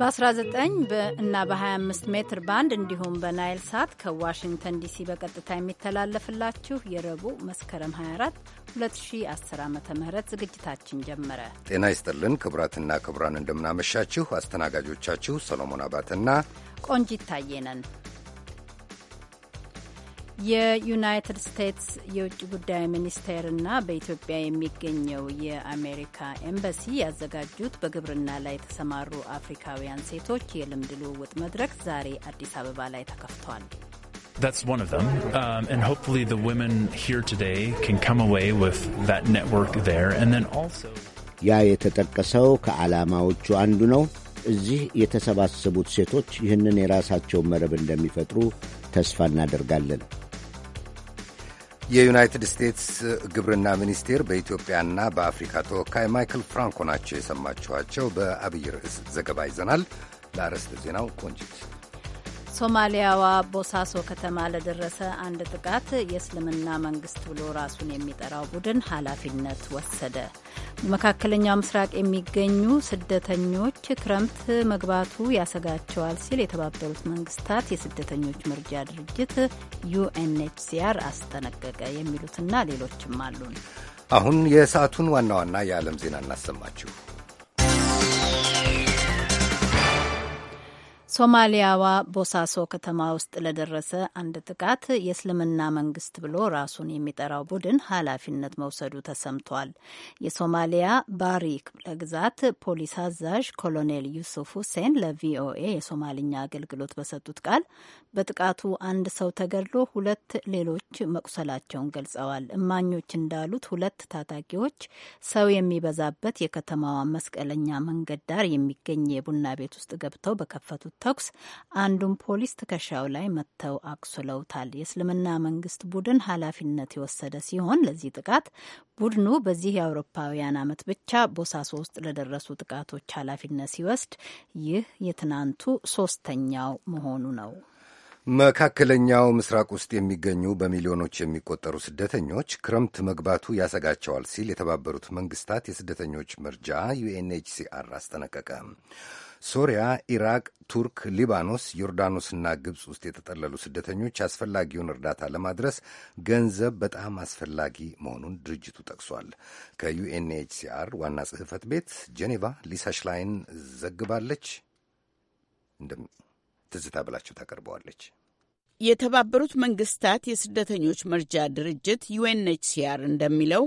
በ19 እና በ25 ሜትር ባንድ እንዲሁም በናይል ሳት ከዋሽንግተን ዲሲ በቀጥታ የሚተላለፍላችሁ የረቡዕ መስከረም 24 2010 ዓ ም ዝግጅታችን ጀመረ። ጤና ይስጥልን ክቡራትና ክቡራን፣ እንደምናመሻችሁ። አስተናጋጆቻችሁ ሰሎሞን አባተና ቆንጂት ታየነን። የዩናይትድ ስቴትስ የውጭ ጉዳይ ሚኒስቴርና በኢትዮጵያ የሚገኘው የአሜሪካ ኤምባሲ ያዘጋጁት በግብርና ላይ የተሰማሩ አፍሪካውያን ሴቶች የልምድ ልውውጥ መድረክ ዛሬ አዲስ አበባ ላይ ተከፍቷል። ያ የተጠቀሰው ከዓላማዎቹ አንዱ ነው። እዚህ የተሰባሰቡት ሴቶች ይህንን የራሳቸውን መረብ እንደሚፈጥሩ ተስፋ እናደርጋለን። የዩናይትድ ስቴትስ ግብርና ሚኒስቴር በኢትዮጵያና በአፍሪካ ተወካይ ማይክል ፍራንኮ ናቸው የሰማችኋቸው። በአብይ ርዕስ ዘገባ ይዘናል። ለአርዕስተ ዜናው ቆንጅት ሶማሊያዋ ቦሳሶ ከተማ ለደረሰ አንድ ጥቃት የእስልምና መንግስት ብሎ ራሱን የሚጠራው ቡድን ኃላፊነት ወሰደ። በመካከለኛው ምስራቅ የሚገኙ ስደተኞች ክረምት መግባቱ ያሰጋቸዋል ሲል የተባበሩት መንግስታት የስደተኞች መርጃ ድርጅት ዩኤንኤችሲአር አስጠነቀቀ። የሚሉትና ሌሎችም አሉን። አሁን የሰዓቱን ዋና ዋና የዓለም ዜና እናሰማችሁ። ሶማሊያዋ ቦሳሶ ከተማ ውስጥ ለደረሰ አንድ ጥቃት የእስልምና መንግስት ብሎ ራሱን የሚጠራው ቡድን ኃላፊነት መውሰዱ ተሰምቷል። የሶማሊያ ባሪ ክፍለ ግዛት ፖሊስ አዛዥ ኮሎኔል ዩሱፍ ሁሴን ለቪኦኤ የሶማልኛ አገልግሎት በሰጡት ቃል በጥቃቱ አንድ ሰው ተገድሎ ሁለት ሌሎች መቁሰላቸውን ገልጸዋል። እማኞች እንዳሉት ሁለት ታጣቂዎች ሰው የሚበዛበት የከተማዋ መስቀለኛ መንገድ ዳር የሚገኝ የቡና ቤት ውስጥ ገብተው በከፈቱት ተኩስ አንዱን ፖሊስ ትከሻው ላይ መጥተው አቁስለውታል። የእስልምና መንግስት ቡድን ኃላፊነት የወሰደ ሲሆን ለዚህ ጥቃት ቡድኑ በዚህ የአውሮፓውያን አመት ብቻ ቦሳሶ ውስጥ ለደረሱ ጥቃቶች ኃላፊነት ሲወስድ ይህ የትናንቱ ሶስተኛው መሆኑ ነው። መካከለኛው ምስራቅ ውስጥ የሚገኙ በሚሊዮኖች የሚቆጠሩ ስደተኞች ክረምት መግባቱ ያሰጋቸዋል ሲል የተባበሩት መንግስታት የስደተኞች መርጃ ዩኤንኤችሲአር አስጠነቀቀ። ሶሪያ፣ ኢራቅ፣ ቱርክ፣ ሊባኖስ፣ ዮርዳኖስና ግብፅ ውስጥ የተጠለሉ ስደተኞች አስፈላጊውን እርዳታ ለማድረስ ገንዘብ በጣም አስፈላጊ መሆኑን ድርጅቱ ጠቅሷል። ከዩኤንኤችሲአር ዋና ጽሕፈት ቤት ጄኔቫ ሊሳ ሽላይን ዘግባለች። ትዝታ ብላቸው ታቀርበዋለች። የተባበሩት መንግስታት የስደተኞች መርጃ ድርጅት ዩኤንኤችሲአር እንደሚለው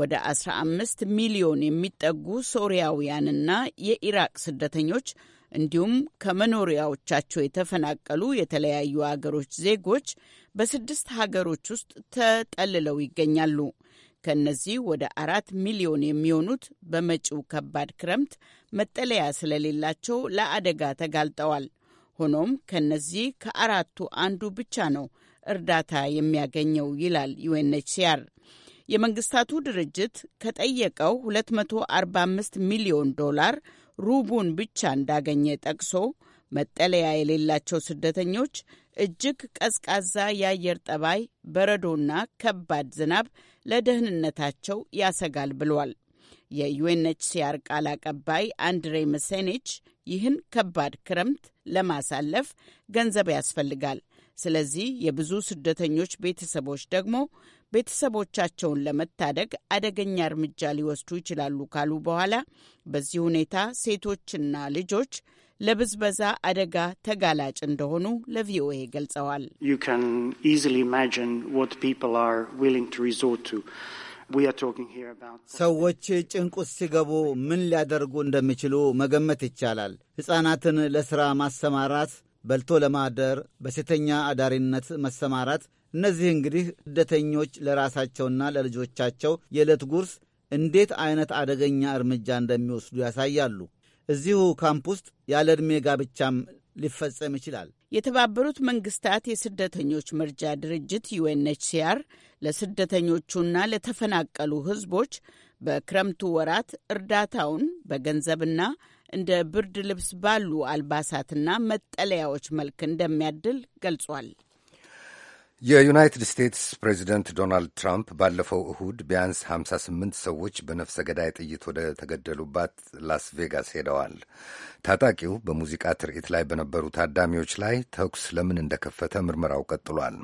ወደ 15 ሚሊዮን የሚጠጉ ሶሪያውያንና የኢራቅ ስደተኞች እንዲሁም ከመኖሪያዎቻቸው የተፈናቀሉ የተለያዩ አገሮች ዜጎች በስድስት ሀገሮች ውስጥ ተጠልለው ይገኛሉ። ከእነዚህ ወደ አራት ሚሊዮን የሚሆኑት በመጪው ከባድ ክረምት መጠለያ ስለሌላቸው ለአደጋ ተጋልጠዋል። ሆኖም ከነዚህ ከአራቱ አንዱ ብቻ ነው እርዳታ የሚያገኘው ይላል ዩኤንኤችሲአር። የመንግስታቱ ድርጅት ከጠየቀው 245 ሚሊዮን ዶላር ሩቡን ብቻ እንዳገኘ ጠቅሶ መጠለያ የሌላቸው ስደተኞች እጅግ ቀዝቃዛ የአየር ጠባይ፣ በረዶና ከባድ ዝናብ ለደህንነታቸው ያሰጋል ብሏል። የዩኤንኤችሲአር ቃል አቀባይ አንድሬ መሴኔች ይህን ከባድ ክረምት ለማሳለፍ ገንዘብ ያስፈልጋል። ስለዚህ የብዙ ስደተኞች ቤተሰቦች ደግሞ ቤተሰቦቻቸውን ለመታደግ አደገኛ እርምጃ ሊወስዱ ይችላሉ ካሉ በኋላ በዚህ ሁኔታ ሴቶችና ልጆች ለብዝበዛ አደጋ ተጋላጭ እንደሆኑ ለቪኦኤ ገልጸዋል። ሰዎች ጭንቅ ውስጥ ሲገቡ ምን ሊያደርጉ እንደሚችሉ መገመት ይቻላል። ሕፃናትን ለሥራ ማሰማራት፣ በልቶ ለማደር፣ በሴተኛ አዳሪነት መሰማራት፣ እነዚህ እንግዲህ ስደተኞች ለራሳቸውና ለልጆቻቸው የዕለት ጉርስ እንዴት አይነት አደገኛ እርምጃ እንደሚወስዱ ያሳያሉ። እዚሁ ካምፕ ውስጥ ያለ ዕድሜ ጋብቻም ሊፈጸም ይችላል። የተባበሩት መንግስታት የስደተኞች መርጃ ድርጅት ዩኤንኤችሲአር ለስደተኞቹና ለተፈናቀሉ ህዝቦች በክረምቱ ወራት እርዳታውን በገንዘብና እንደ ብርድ ልብስ ባሉ አልባሳትና መጠለያዎች መልክ እንደሚያድል ገልጿል። የዩናይትድ ስቴትስ ፕሬዚደንት ዶናልድ ትራምፕ ባለፈው እሁድ ቢያንስ 58 ሰዎች በነፍሰ ገዳይ ጥይት ወደ ተገደሉባት ላስ ቬጋስ ሄደዋል። ታጣቂው በሙዚቃ ትርኢት ላይ በነበሩ ታዳሚዎች ላይ ተኩስ ለምን እንደከፈተ ምርመራው ቀጥሏል።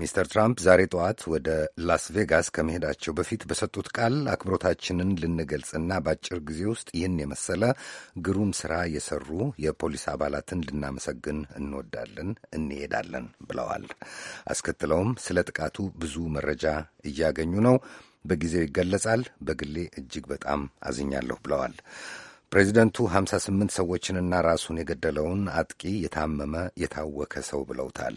ሚስተር ትራምፕ ዛሬ ጠዋት ወደ ላስ ቬጋስ ከመሄዳቸው በፊት በሰጡት ቃል አክብሮታችንን ልንገልጽና በአጭር ጊዜ ውስጥ ይህን የመሰለ ግሩም ስራ የሰሩ የፖሊስ አባላትን ልናመሰግን እንወዳለን፣ እንሄዳለን ብለዋል። አስከትለውም ስለ ጥቃቱ ብዙ መረጃ እያገኙ ነው፣ በጊዜው ይገለጻል፣ በግሌ እጅግ በጣም አዝኛለሁ ብለዋል። ፕሬዚደንቱ 58 ሰዎችንና ራሱን የገደለውን አጥቂ የታመመ የታወከ ሰው ብለውታል።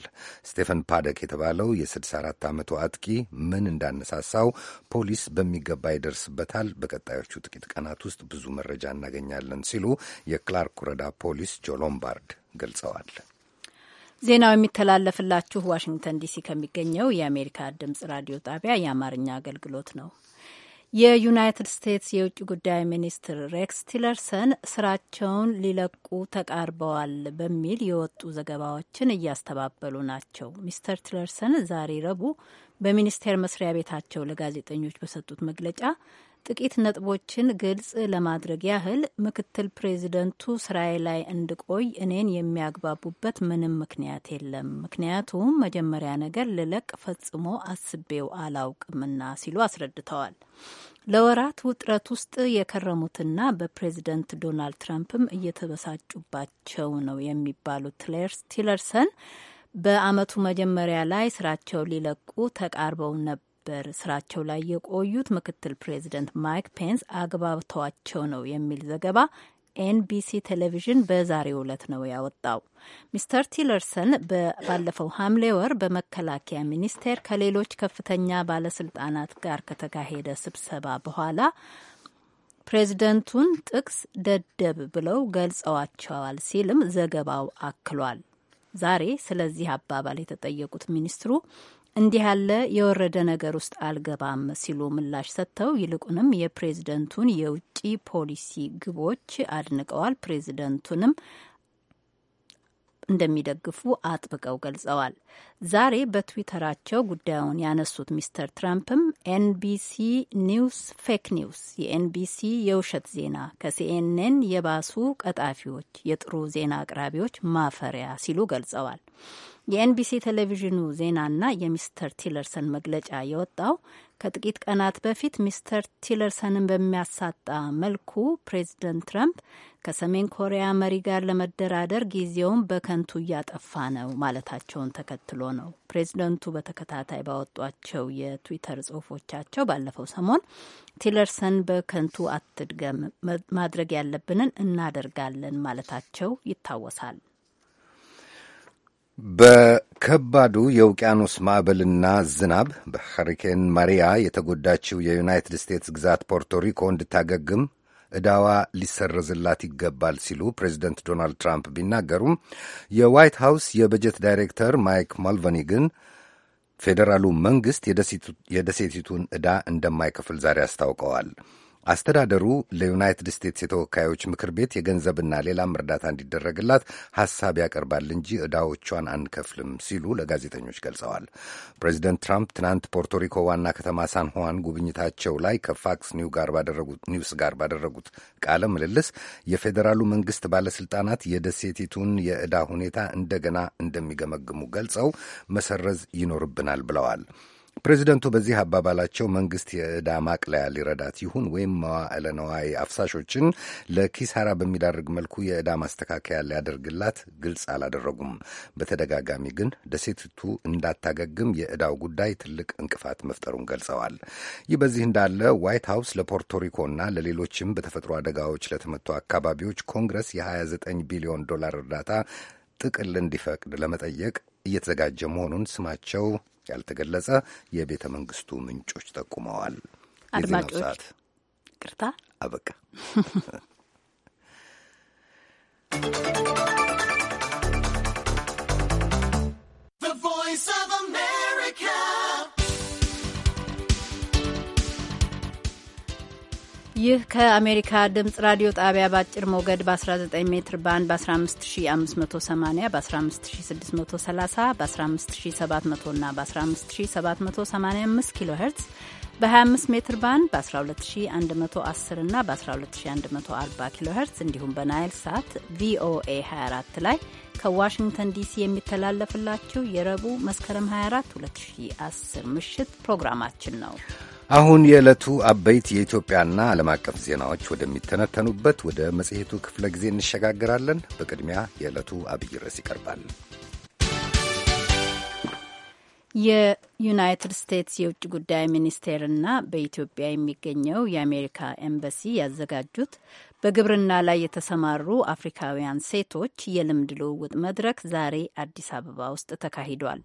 ስቴፈን ፓደክ የተባለው የ64 ዓመቱ አጥቂ ምን እንዳነሳሳው ፖሊስ በሚገባ ይደርስበታል፣ በቀጣዮቹ ጥቂት ቀናት ውስጥ ብዙ መረጃ እናገኛለን ሲሉ የክላርክ ወረዳ ፖሊስ ጆ ሎምባርድ ገልጸዋል። ዜናው የሚተላለፍላችሁ ዋሽንግተን ዲሲ ከሚገኘው የአሜሪካ ድምጽ ራዲዮ ጣቢያ የአማርኛ አገልግሎት ነው። የዩናይትድ ስቴትስ የውጭ ጉዳይ ሚኒስትር ሬክስ ቲለርሰን ስራቸውን ሊለቁ ተቃርበዋል በሚል የወጡ ዘገባዎችን እያስተባበሉ ናቸው። ሚስተር ቲለርሰን ዛሬ ረቡዕ በሚኒስቴር መስሪያ ቤታቸው ለጋዜጠኞች በሰጡት መግለጫ ጥቂት ነጥቦችን ግልጽ ለማድረግ ያህል ምክትል ፕሬዚደንቱ ስራዬ ላይ እንድቆይ እኔን የሚያግባቡበት ምንም ምክንያት የለም። ምክንያቱም መጀመሪያ ነገር ልለቅ ፈጽሞ አስቤው አላውቅምና ሲሉ አስረድተዋል። ለወራት ውጥረት ውስጥ የከረሙትና በፕሬዝደንት ዶናልድ ትራምፕም እየተበሳጩባቸው ነው የሚባሉት ቲለርሰን በአመቱ መጀመሪያ ላይ ስራቸው ሊለቁ ተቃርበው ነበር። ነበር ስራቸው ላይ የቆዩት ምክትል ፕሬዚደንት ማይክ ፔንስ አግባብተዋቸው ነው የሚል ዘገባ ኤንቢሲ ቴሌቪዥን በዛሬው ዕለት ነው ያወጣው። ሚስተር ቲለርሰን ባለፈው ሐምሌ ወር በመከላከያ ሚኒስቴር ከሌሎች ከፍተኛ ባለስልጣናት ጋር ከተካሄደ ስብሰባ በኋላ ፕሬዝደንቱን ጥቅስ ደደብ ብለው ገልጸዋቸዋል ሲልም ዘገባው አክሏል። ዛሬ ስለዚህ አባባል የተጠየቁት ሚኒስትሩ እንዲህ ያለ የወረደ ነገር ውስጥ አልገባም ሲሉ ምላሽ ሰጥተው ይልቁንም የፕሬዝደንቱን የውጭ ፖሊሲ ግቦች አድንቀዋል። ፕሬዝደንቱንም እንደሚደግፉ አጥብቀው ገልጸዋል። ዛሬ በትዊተራቸው ጉዳዩን ያነሱት ሚስተር ትራምፕም ኤንቢሲ ኒውስ ፌክ ኒውስ፣ የኤንቢሲ የውሸት ዜና ከሲኤንኤን የባሱ ቀጣፊዎች፣ የጥሩ ዜና አቅራቢዎች ማፈሪያ ሲሉ ገልጸዋል። የኤንቢሲ ቴሌቪዥኑ ዜናና የሚስተር ቲለርሰን መግለጫ የወጣው ከጥቂት ቀናት በፊት ሚስተር ቲለርሰንን በሚያሳጣ መልኩ ፕሬዚደንት ትራምፕ ከሰሜን ኮሪያ መሪ ጋር ለመደራደር ጊዜውን በከንቱ እያጠፋ ነው ማለታቸውን ተከትሎ ነው። ፕሬዚደንቱ በተከታታይ ባወጧቸው የትዊተር ጽሁፎቻቸው ባለፈው ሰሞን ቲለርሰን በከንቱ አትድገም፣ ማድረግ ያለብንን እናደርጋለን ማለታቸው ይታወሳል። በከባዱ የውቅያኖስ ማዕበልና ዝናብ በሐሪኬን ማሪያ የተጎዳችው የዩናይትድ ስቴትስ ግዛት ፖርቶሪኮ እንድታገግም ዕዳዋ ሊሰረዝላት ይገባል ሲሉ ፕሬዚደንት ዶናልድ ትራምፕ ቢናገሩም የዋይት ሃውስ የበጀት ዳይሬክተር ማይክ ማልቫኒ ግን ፌዴራሉ መንግሥት የደሴቲቱን ዕዳ እንደማይከፍል ዛሬ አስታውቀዋል። አስተዳደሩ ለዩናይትድ ስቴትስ የተወካዮች ምክር ቤት የገንዘብና ሌላም እርዳታ እንዲደረግላት ሐሳብ ያቀርባል እንጂ ዕዳዎቿን አንከፍልም ሲሉ ለጋዜጠኞች ገልጸዋል። ፕሬዚደንት ትራምፕ ትናንት ፖርቶሪኮ ዋና ከተማ ሳን ሁዋን ጉብኝታቸው ላይ ከፋክስ ኒውስ ጋር ባደረጉት ቃለ ምልልስ የፌዴራሉ መንግሥት ባለሥልጣናት የደሴቲቱን የዕዳ ሁኔታ እንደገና እንደሚገመግሙ ገልጸው መሰረዝ ይኖርብናል ብለዋል። ፕሬዚደንቱ በዚህ አባባላቸው መንግስት የዕዳ ማቅለያ ሊረዳት ይሁን ወይም መዋዕለ ነዋይ አፍሳሾችን ለኪሳራ በሚዳርግ መልኩ የዕዳ ማስተካከያ ሊያደርግላት ግልጽ አላደረጉም። በተደጋጋሚ ግን ደሴቲቱ እንዳታገግም የዕዳው ጉዳይ ትልቅ እንቅፋት መፍጠሩን ገልጸዋል። ይህ በዚህ እንዳለ ዋይት ሀውስ ለፖርቶሪኮና ለሌሎችም በተፈጥሮ አደጋዎች ለተመቱ አካባቢዎች ኮንግረስ የ29 ቢሊዮን ዶላር እርዳታ ጥቅል እንዲፈቅድ ለመጠየቅ እየተዘጋጀ መሆኑን ስማቸው ያልተገለጸ የቤተ መንግስቱ ምንጮች ጠቁመዋል። አድማጮች ቅርታ አበቃ። ይህ ከአሜሪካ ድምፅ ራዲዮ ጣቢያ በአጭር ሞገድ በ19 ሜትር ባንድ በ15580 በ15630 በ15700 እና በ15785 ኪሎ ሄርትዝ በ25 ሜትር ባንድ በ12110 እና በ12140 ኪሎ ሄርትዝ እንዲሁም በናይል ሳት ቪኦኤ 24 ላይ ከዋሽንግተን ዲሲ የሚተላለፍላችሁ የረቡዕ መስከረም 24 2010 ምሽት ፕሮግራማችን ነው። አሁን የዕለቱ አበይት የኢትዮጵያና ዓለም አቀፍ ዜናዎች ወደሚተነተኑበት ወደ መጽሔቱ ክፍለ ጊዜ እንሸጋግራለን። በቅድሚያ የዕለቱ አብይ ርዕስ ይቀርባል። የዩናይትድ ስቴትስ የውጭ ጉዳይ ሚኒስቴርና በኢትዮጵያ የሚገኘው የአሜሪካ ኤምባሲ ያዘጋጁት በግብርና ላይ የተሰማሩ አፍሪካውያን ሴቶች የልምድ ልውውጥ መድረክ ዛሬ አዲስ አበባ ውስጥ ተካሂዷል።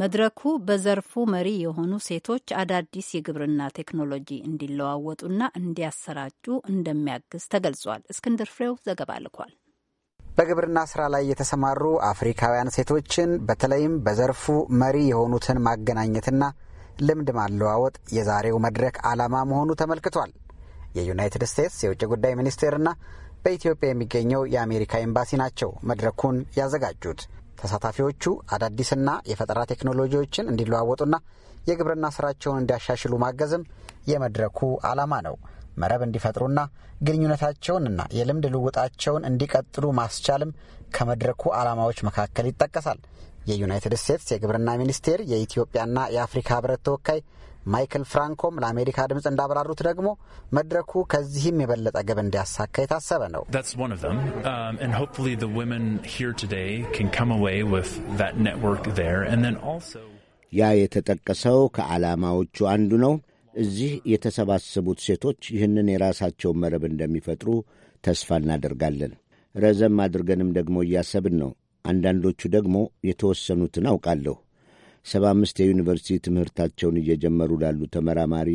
መድረኩ በዘርፉ መሪ የሆኑ ሴቶች አዳዲስ የግብርና ቴክኖሎጂ እንዲለዋወጡና እንዲያሰራጩ እንደሚያግዝ ተገልጿል። እስክንድር ፍሬው ዘገባ ልኳል። በግብርና ስራ ላይ የተሰማሩ አፍሪካውያን ሴቶችን በተለይም በዘርፉ መሪ የሆኑትን ማገናኘትና ልምድ ማለዋወጥ የዛሬው መድረክ ዓላማ መሆኑ ተመልክቷል። የዩናይትድ ስቴትስ የውጭ ጉዳይ ሚኒስቴርና በኢትዮጵያ የሚገኘው የአሜሪካ ኤምባሲ ናቸው መድረኩን ያዘጋጁት። ተሳታፊዎቹ አዳዲስና የፈጠራ ቴክኖሎጂዎችን እንዲለዋወጡና የግብርና ስራቸውን እንዲያሻሽሉ ማገዝም የመድረኩ ዓላማ ነው። መረብ እንዲፈጥሩና ግንኙነታቸውንና የልምድ ልውጣቸውን እንዲቀጥሉ ማስቻልም ከመድረኩ ዓላማዎች መካከል ይጠቀሳል። የዩናይትድ ስቴትስ የግብርና ሚኒስቴር የኢትዮጵያና የአፍሪካ ህብረት ተወካይ ማይክል ፍራንኮም ለአሜሪካ ድምፅ እንዳብራሩት ደግሞ መድረኩ ከዚህም የበለጠ ግብ እንዲያሳካ የታሰበ ነው። um, ያ የተጠቀሰው ከዓላማዎቹ አንዱ ነው። እዚህ የተሰባሰቡት ሴቶች ይህንን የራሳቸውን መረብ እንደሚፈጥሩ ተስፋ እናደርጋለን። ረዘም አድርገንም ደግሞ እያሰብን ነው። አንዳንዶቹ ደግሞ የተወሰኑትን አውቃለሁ ሰባ አምስት የዩኒቨርሲቲ ትምህርታቸውን እየጀመሩ ላሉ ተመራማሪ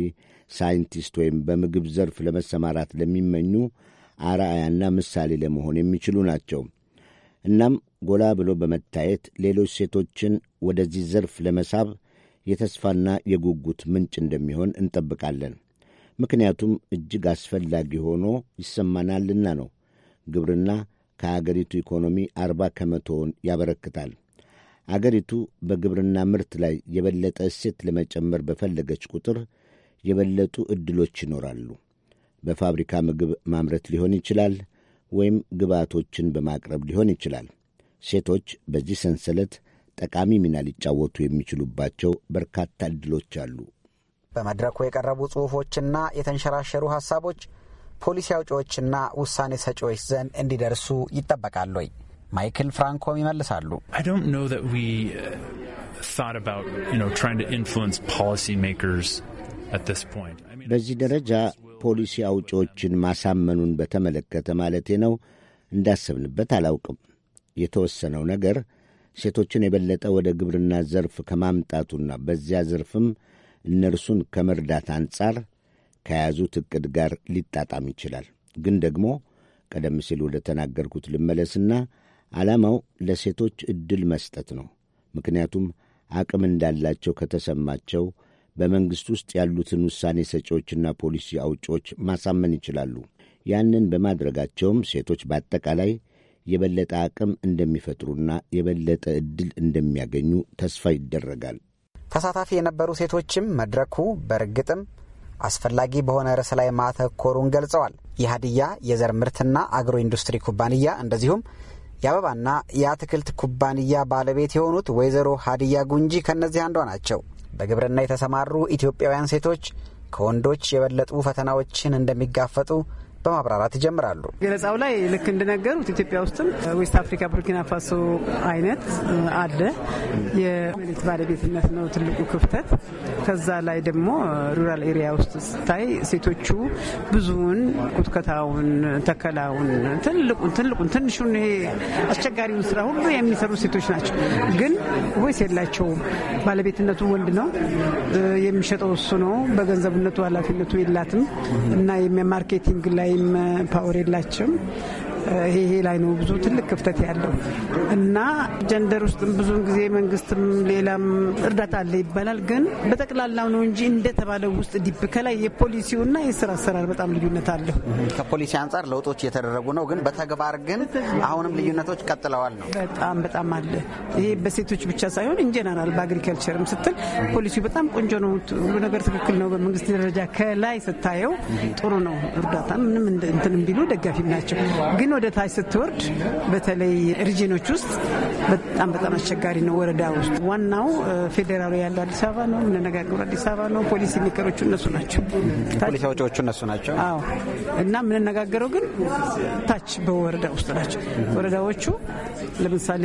ሳይንቲስት ወይም በምግብ ዘርፍ ለመሰማራት ለሚመኙ አርአያና ምሳሌ ለመሆን የሚችሉ ናቸው። እናም ጎላ ብሎ በመታየት ሌሎች ሴቶችን ወደዚህ ዘርፍ ለመሳብ የተስፋና የጉጉት ምንጭ እንደሚሆን እንጠብቃለን። ምክንያቱም እጅግ አስፈላጊ ሆኖ ይሰማናልና ነው። ግብርና ከአገሪቱ ኢኮኖሚ አርባ ከመቶውን ያበረክታል። አገሪቱ በግብርና ምርት ላይ የበለጠ እሴት ለመጨመር በፈለገች ቁጥር የበለጡ ዕድሎች ይኖራሉ። በፋብሪካ ምግብ ማምረት ሊሆን ይችላል፣ ወይም ግብዓቶችን በማቅረብ ሊሆን ይችላል። ሴቶች በዚህ ሰንሰለት ጠቃሚ ሚና ሊጫወቱ የሚችሉባቸው በርካታ ዕድሎች አሉ። በመድረኩ የቀረቡ ጽሑፎችና የተንሸራሸሩ ሐሳቦች ፖሊሲ አውጪዎችና ውሳኔ ሰጪዎች ዘንድ እንዲደርሱ ይጠበቃሉ ወይ? ማይክል ፍራንኮም ይመልሳሉ። uh, በዚህ ደረጃ ፖሊሲ አውጪዎችን ማሳመኑን በተመለከተ ማለቴ ነው እንዳሰብንበት አላውቅም። የተወሰነው ነገር ሴቶችን የበለጠ ወደ ግብርና ዘርፍ ከማምጣቱና በዚያ ዘርፍም እነርሱን ከመርዳት አንጻር ከያዙት ዕቅድ ጋር ሊጣጣም ይችላል። ግን ደግሞ ቀደም ሲል ወደ ተናገርኩት ልመለስና ዓላማው ለሴቶች ዕድል መስጠት ነው። ምክንያቱም አቅም እንዳላቸው ከተሰማቸው በመንግሥት ውስጥ ያሉትን ውሳኔ ሰጪዎችና ፖሊሲ አውጪዎች ማሳመን ይችላሉ። ያንን በማድረጋቸውም ሴቶች በአጠቃላይ የበለጠ አቅም እንደሚፈጥሩና የበለጠ ዕድል እንደሚያገኙ ተስፋ ይደረጋል። ተሳታፊ የነበሩ ሴቶችም መድረኩ በርግጥም አስፈላጊ በሆነ ርዕስ ላይ ማተኮሩን ገልጸዋል። የሀዲያ የዘር ምርትና አግሮ ኢንዱስትሪ ኩባንያ እንደዚሁም የአበባና የአትክልት ኩባንያ ባለቤት የሆኑት ወይዘሮ ሀዲያ ጉንጂ ከእነዚህ አንዷ ናቸው። በግብርና የተሰማሩ ኢትዮጵያውያን ሴቶች ከወንዶች የበለጡ ፈተናዎችን እንደሚጋፈጡ በማብራራት ይጀምራሉ። ገለጻው ላይ ልክ እንደነገሩት ኢትዮጵያ ውስጥም ዌስት አፍሪካ፣ ቡርኪና ፋሶ አይነት አለ። የመሬት ባለቤትነት ነው ትልቁ ክፍተት። ከዛ ላይ ደግሞ ሩራል ኤሪያ ውስጥ ስታይ ሴቶቹ ብዙውን ቁትከታውን፣ ተከላውን፣ ትልቁን ትልቁን ትንሹን ይሄ አስቸጋሪውን ስራ ሁሉ የሚሰሩ ሴቶች ናቸው። ግን ወይስ የላቸውም። ባለቤትነቱ ወንድ ነው፣ የሚሸጠው እሱ ነው። በገንዘብነቱ ኃላፊነቱ የላትም እና የሚያማርኬቲንግ ላይ ወይም ፓወር የላቸውም። ይሄ ላይ ነው ብዙ ትልቅ ክፍተት ያለው እና ጀንደር ውስጥም ብዙን ጊዜ መንግስትም ሌላም እርዳታ አለ ይባላል። ግን በጠቅላላው ነው እንጂ እንደተባለው ውስጥ ዲብ ከላይ የፖሊሲውና የስራ አሰራር በጣም ልዩነት አለው። ከፖሊሲ አንጻር ለውጦች እየተደረጉ ነው፣ ግን በተግባር ግን አሁንም ልዩነቶች ቀጥለዋል ነው። በጣም በጣም አለ። ይሄ በሴቶች ብቻ ሳይሆን ኢንጀነራል በአግሪካልቸርም ስትል ፖሊሲው በጣም ቆንጆ ነው፣ ሁሉ ነገር ትክክል ነው። በመንግስት ደረጃ ከላይ ስታየው ጥሩ ነው። እርዳታ ምንም እንትንም ቢሉ ደጋፊም ናቸው ግን ወደ ታች ስትወርድ በተለይ ሪጅኖች ውስጥ በጣም በጣም አስቸጋሪ ነው። ወረዳ ውስጥ ዋናው ፌዴራሉ ያለው አዲስ አበባ ነው። የምንነጋገሩ አዲስ አበባ ነው። ፖሊሲ ሜከሮቹ እነሱ ናቸው። ፖሊሲ አውጪዎቹ እነሱ ናቸው። አዎ። እና የምንነጋገረው ግን ታች በወረዳ ውስጥ ናቸው። ወረዳዎቹ ለምሳሌ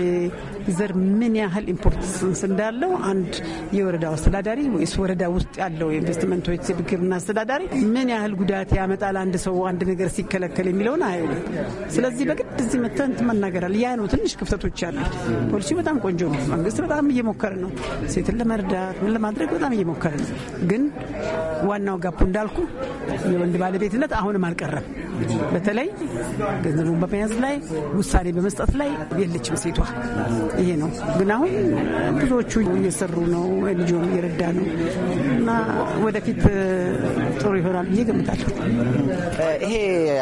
ዘር ምን ያህል ኢምፖርታንስ እንዳለው አንድ የወረዳ አስተዳዳሪ ወይስ ወረዳ ውስጥ ያለው ኢንቨስትመንቶች ግብርና አስተዳዳሪ ምን ያህል ጉዳት ያመጣል አንድ ሰው አንድ ነገር ሲከለከል የሚለውን አይ ስለዚህ በግድ እዚህ መተን መናገራል። ያ ነው ትንሽ ክፍተቶች አሉ። ፖሊሲ በጣም ቆንጆ ነው። መንግስት በጣም እየሞከረ ነው። ሴትን ለመርዳት ምን ለማድረግ በጣም እየሞከረ ነው። ግን ዋናው ጋፑ እንዳልኩ የወንድ ባለቤትነት አሁንም አልቀረም። በተለይ ገንዘቡን በመያዝ ላይ ውሳኔ በመስጠት ላይ የለችም ሴቷ። ይሄ ነው ግን አሁን ብዙዎቹ እየሰሩ ነው፣ ልጆም እየረዳ ነው እና ወደፊት ጥሩ ይሆናል ብዬ ገምታለሁ። ይሄ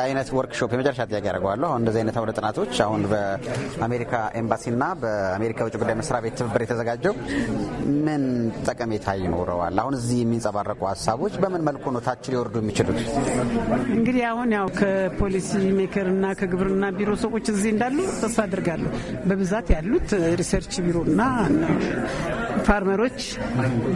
አይነት ወርክሾፕ የመጨረሻ ጥያቄ ያደርገዋለሁ አሁን እንደዚህ አይነት አውደ ጥናቶች አሁን በአሜሪካ ኤምባሲና በአሜሪካ የውጭ ጉዳይ መስሪያ ቤት ትብብር የተዘጋጀው ምን ጠቀሜታ ይኖረዋል? አሁን እዚህ የሚንጸባረቁ ሀሳቦች በምን መልኩ ነው ታች ሊወርዱ የሚችሉት? እንግዲህ አሁን ያው ከፖሊሲ ሜከርና ከግብርና ቢሮ ሰዎች እዚህ እንዳሉ ተስፋ አድርጋለሁ። በብዛት ያሉት ሪሰርች ቢሮና ፋርመሮች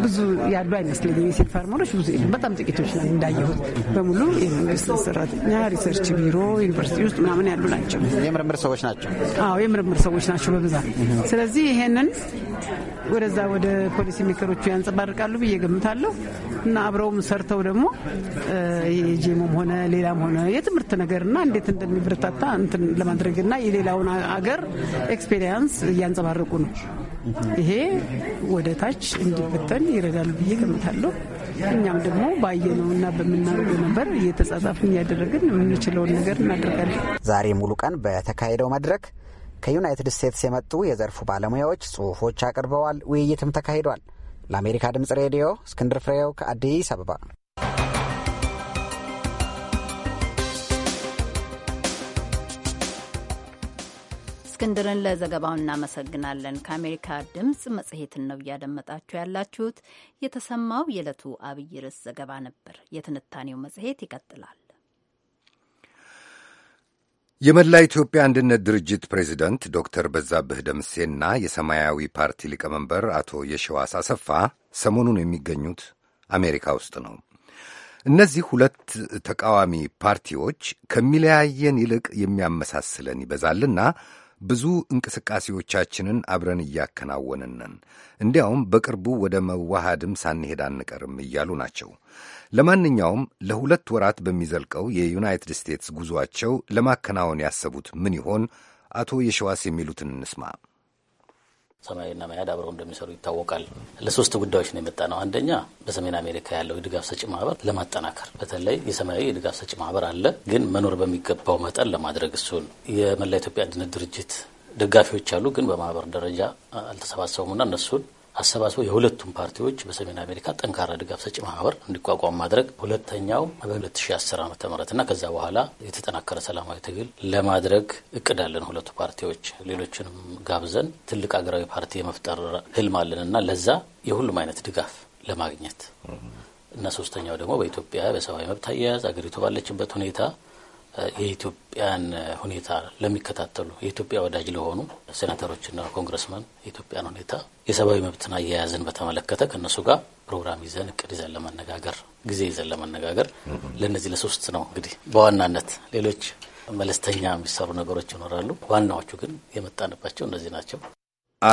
ብዙ ያሉ አይመስለኝም። የሴት ፋርመሮች ብዙ በጣም ጥቂቶች ነው እንዳየሁት። በሙሉ የመንግስት ሰራተኛ ሪሰርች ቢሮ ዩኒቨርሲቲ ውስጥ ምናምን ያሉ ያሉ ናቸው። የምርምር ሰዎች ናቸው። አዎ የምርምር ሰዎች ናቸው በብዛት። ስለዚህ ይሄንን ወደዛ ወደ ፖሊሲ ሜከሮቹ ያንጸባርቃሉ ብዬ ገምታለሁ እና አብረውም ሰርተው ደግሞ የጄሞም ሆነ ሌላም ሆነ የትምህርት ነገርና እንዴት እንደሚበረታታ እንትን ለማድረግና የሌላውን አገር ኤክስፔሪንስ እያንጸባረቁ ነው። ይሄ ወደ ታች እንዲፈጠን ይረዳል ብዬ ገምታለሁ። እኛም ደግሞ እና በምናደርገው ነበር እየተጻጻፍን እያደረግን የምንችለውን ነገር እናደርጋለን። ዛሬ ሙሉ ቀን በተካሄደው መድረክ ከዩናይትድ ስቴትስ የመጡ የዘርፉ ባለሙያዎች ጽሁፎች አቅርበዋል። ውይይትም ተካሂዷል። ለአሜሪካ ድምጽ ሬዲዮ እስክንድር ፍሬው ከአዲስ አበባ እስክንድርን ለዘገባው እናመሰግናለን። ከአሜሪካ ድምፅ መጽሔትን ነው እያደመጣችሁ ያላችሁት። የተሰማው የዕለቱ አብይ ርዕስ ዘገባ ነበር። የትንታኔው መጽሔት ይቀጥላል። የመላ ኢትዮጵያ አንድነት ድርጅት ፕሬዚደንት ዶክተር በዛብህ ደምሴና የሰማያዊ ፓርቲ ሊቀመንበር አቶ የሸዋስ አሰፋ ሰሞኑን የሚገኙት አሜሪካ ውስጥ ነው። እነዚህ ሁለት ተቃዋሚ ፓርቲዎች ከሚለያየን ይልቅ የሚያመሳስለን ይበዛልና ብዙ እንቅስቃሴዎቻችንን አብረን እያከናወንን ነን። እንዲያውም በቅርቡ ወደ መዋሃድም ሳንሄድ አንቀርም እያሉ ናቸው። ለማንኛውም ለሁለት ወራት በሚዘልቀው የዩናይትድ ስቴትስ ጉዞአቸው ለማከናወን ያሰቡት ምን ይሆን? አቶ የሸዋስ የሚሉትን እንስማ። ሰማያዊና መያድ አብረው እንደሚሰሩ ይታወቃል። ለሶስት ጉዳዮች ነው የመጣ ነው። አንደኛ በሰሜን አሜሪካ ያለው የድጋፍ ሰጪ ማህበር ለማጠናከር በተለይ የሰማያዊ የድጋፍ ሰጪ ማህበር አለ፣ ግን መኖር በሚገባው መጠን ለማድረግ እሱን የመላ ኢትዮጵያ አንድነት ድርጅት ደጋፊዎች አሉ፣ ግን በማህበር ደረጃ አልተሰባሰቡምና እነሱን አሰባስበው የሁለቱም ፓርቲዎች በሰሜን አሜሪካ ጠንካራ ድጋፍ ሰጪ ማህበር እንዲቋቋም ማድረግ፣ ሁለተኛው በ2010 ዓ እና ከዛ በኋላ የተጠናከረ ሰላማዊ ትግል ለማድረግ እቅድ አለን። ሁለቱ ፓርቲዎች ሌሎችንም ጋብዘን ትልቅ አገራዊ ፓርቲ የመፍጠር ህልም አለን እና ለዛ የሁሉም አይነት ድጋፍ ለማግኘት እና ሶስተኛው ደግሞ በኢትዮጵያ በሰብአዊ መብት አያያዝ አገሪቱ ባለችበት ሁኔታ የኢትዮጵያን ሁኔታ ለሚከታተሉ የኢትዮጵያ ወዳጅ ለሆኑ ሴናተሮችና ኮንግረስመን የኢትዮጵያን ሁኔታ የሰብአዊ መብትን አያያዝን በተመለከተ ከእነሱ ጋር ፕሮግራም ይዘን እቅድ ይዘን ለመነጋገር ጊዜ ይዘን ለመነጋገር ለእነዚህ ለሶስት ነው እንግዲህ በዋናነት ሌሎች መለስተኛ የሚሰሩ ነገሮች ይኖራሉ። ዋናዎቹ ግን የመጣንባቸው እነዚህ ናቸው።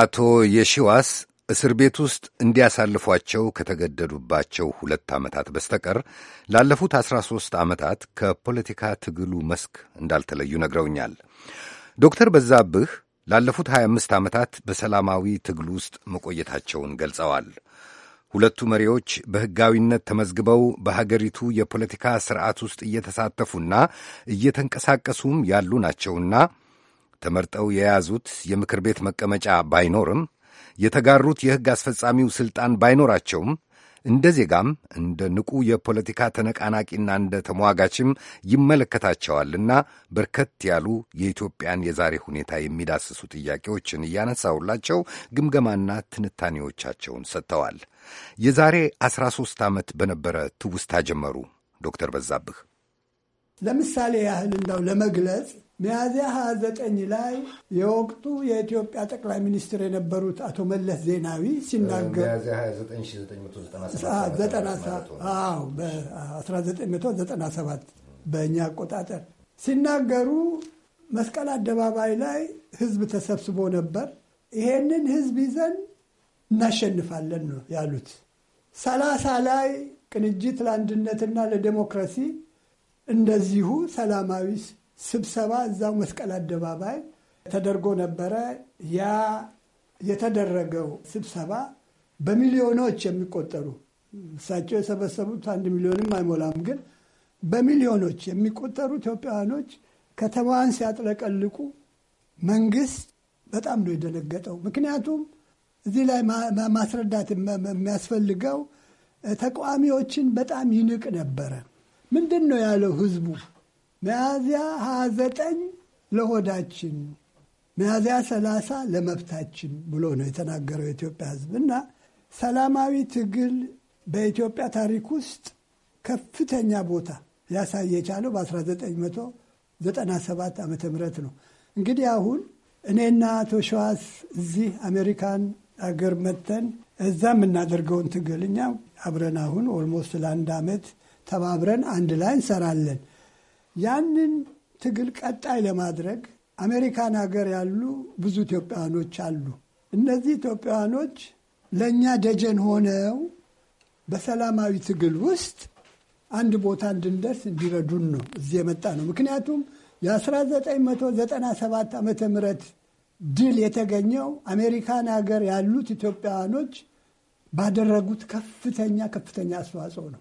አቶ የሺዋስ እስር ቤት ውስጥ እንዲያሳልፏቸው ከተገደዱባቸው ሁለት ዓመታት በስተቀር ላለፉት አስራ ሦስት ዓመታት ከፖለቲካ ትግሉ መስክ እንዳልተለዩ ነግረውኛል። ዶክተር በዛብህ ላለፉት 25 ዓመታት በሰላማዊ ትግል ውስጥ መቆየታቸውን ገልጸዋል። ሁለቱ መሪዎች በሕጋዊነት ተመዝግበው በሀገሪቱ የፖለቲካ ሥርዓት ውስጥ እየተሳተፉና እየተንቀሳቀሱም ያሉ ናቸውና ተመርጠው የያዙት የምክር ቤት መቀመጫ ባይኖርም የተጋሩት የሕግ አስፈጻሚው ሥልጣን ባይኖራቸውም እንደ ዜጋም እንደ ንቁ የፖለቲካ ተነቃናቂና እንደ ተሟጋችም ይመለከታቸዋልና በርከት ያሉ የኢትዮጵያን የዛሬ ሁኔታ የሚዳስሱ ጥያቄዎችን እያነሳሁላቸው ግምገማና ትንታኔዎቻቸውን ሰጥተዋል። የዛሬ አስራ ሦስት ዓመት በነበረ ትውስታ ጀመሩ ዶክተር በዛብህ ለምሳሌ ያህል እንዳው ለመግለጽ ሚያዝያ 29 ላይ የወቅቱ የኢትዮጵያ ጠቅላይ ሚኒስትር የነበሩት አቶ መለስ ዜናዊ ሲናገሩ 1997 በእኛ አቆጣጠር ሲናገሩ መስቀል አደባባይ ላይ ህዝብ ተሰብስቦ ነበር። ይሄንን ህዝብ ይዘን እናሸንፋለን ነው ያሉት። ሰላሳ ላይ ቅንጅት ለአንድነትና ለዴሞክራሲ እንደዚሁ ሰላማዊ ስብሰባ እዛው መስቀል አደባባይ ተደርጎ ነበረ። ያ የተደረገው ስብሰባ በሚሊዮኖች የሚቆጠሩ እሳቸው የሰበሰቡት አንድ ሚሊዮንም አይሞላም፣ ግን በሚሊዮኖች የሚቆጠሩ ኢትዮጵያውያኖች ከተማዋን ሲያጥለቀልቁ መንግስት በጣም ነው የደነገጠው። ምክንያቱም እዚህ ላይ ማስረዳት የሚያስፈልገው ተቃዋሚዎችን በጣም ይንቅ ነበረ። ምንድን ነው ያለው ህዝቡ ሚያዝያ 29 ለሆዳችን ሚያዝያ 30 ለመብታችን ብሎ ነው የተናገረው የኢትዮጵያ ሕዝብ እና ሰላማዊ ትግል በኢትዮጵያ ታሪክ ውስጥ ከፍተኛ ቦታ ሊያሳይ የቻለው በ1997 ዓ ም ነው። እንግዲህ አሁን እኔና አቶ ሸዋስ እዚህ አሜሪካን አገር መጥተን እዛ የምናደርገውን ትግል እኛ አብረን አሁን ኦልሞስት ለአንድ ዓመት ተባብረን አንድ ላይ እንሰራለን። ያንን ትግል ቀጣይ ለማድረግ አሜሪካን ሀገር ያሉ ብዙ ኢትዮጵያውያኖች አሉ። እነዚህ ኢትዮጵያውያኖች ለእኛ ደጀን ሆነው በሰላማዊ ትግል ውስጥ አንድ ቦታ እንድንደርስ እንዲረዱን ነው እዚህ የመጣ ነው። ምክንያቱም የ1997 ዓ ም ድል የተገኘው አሜሪካን ሀገር ያሉት ኢትዮጵያውያኖች ባደረጉት ከፍተኛ ከፍተኛ አስተዋጽኦ ነው።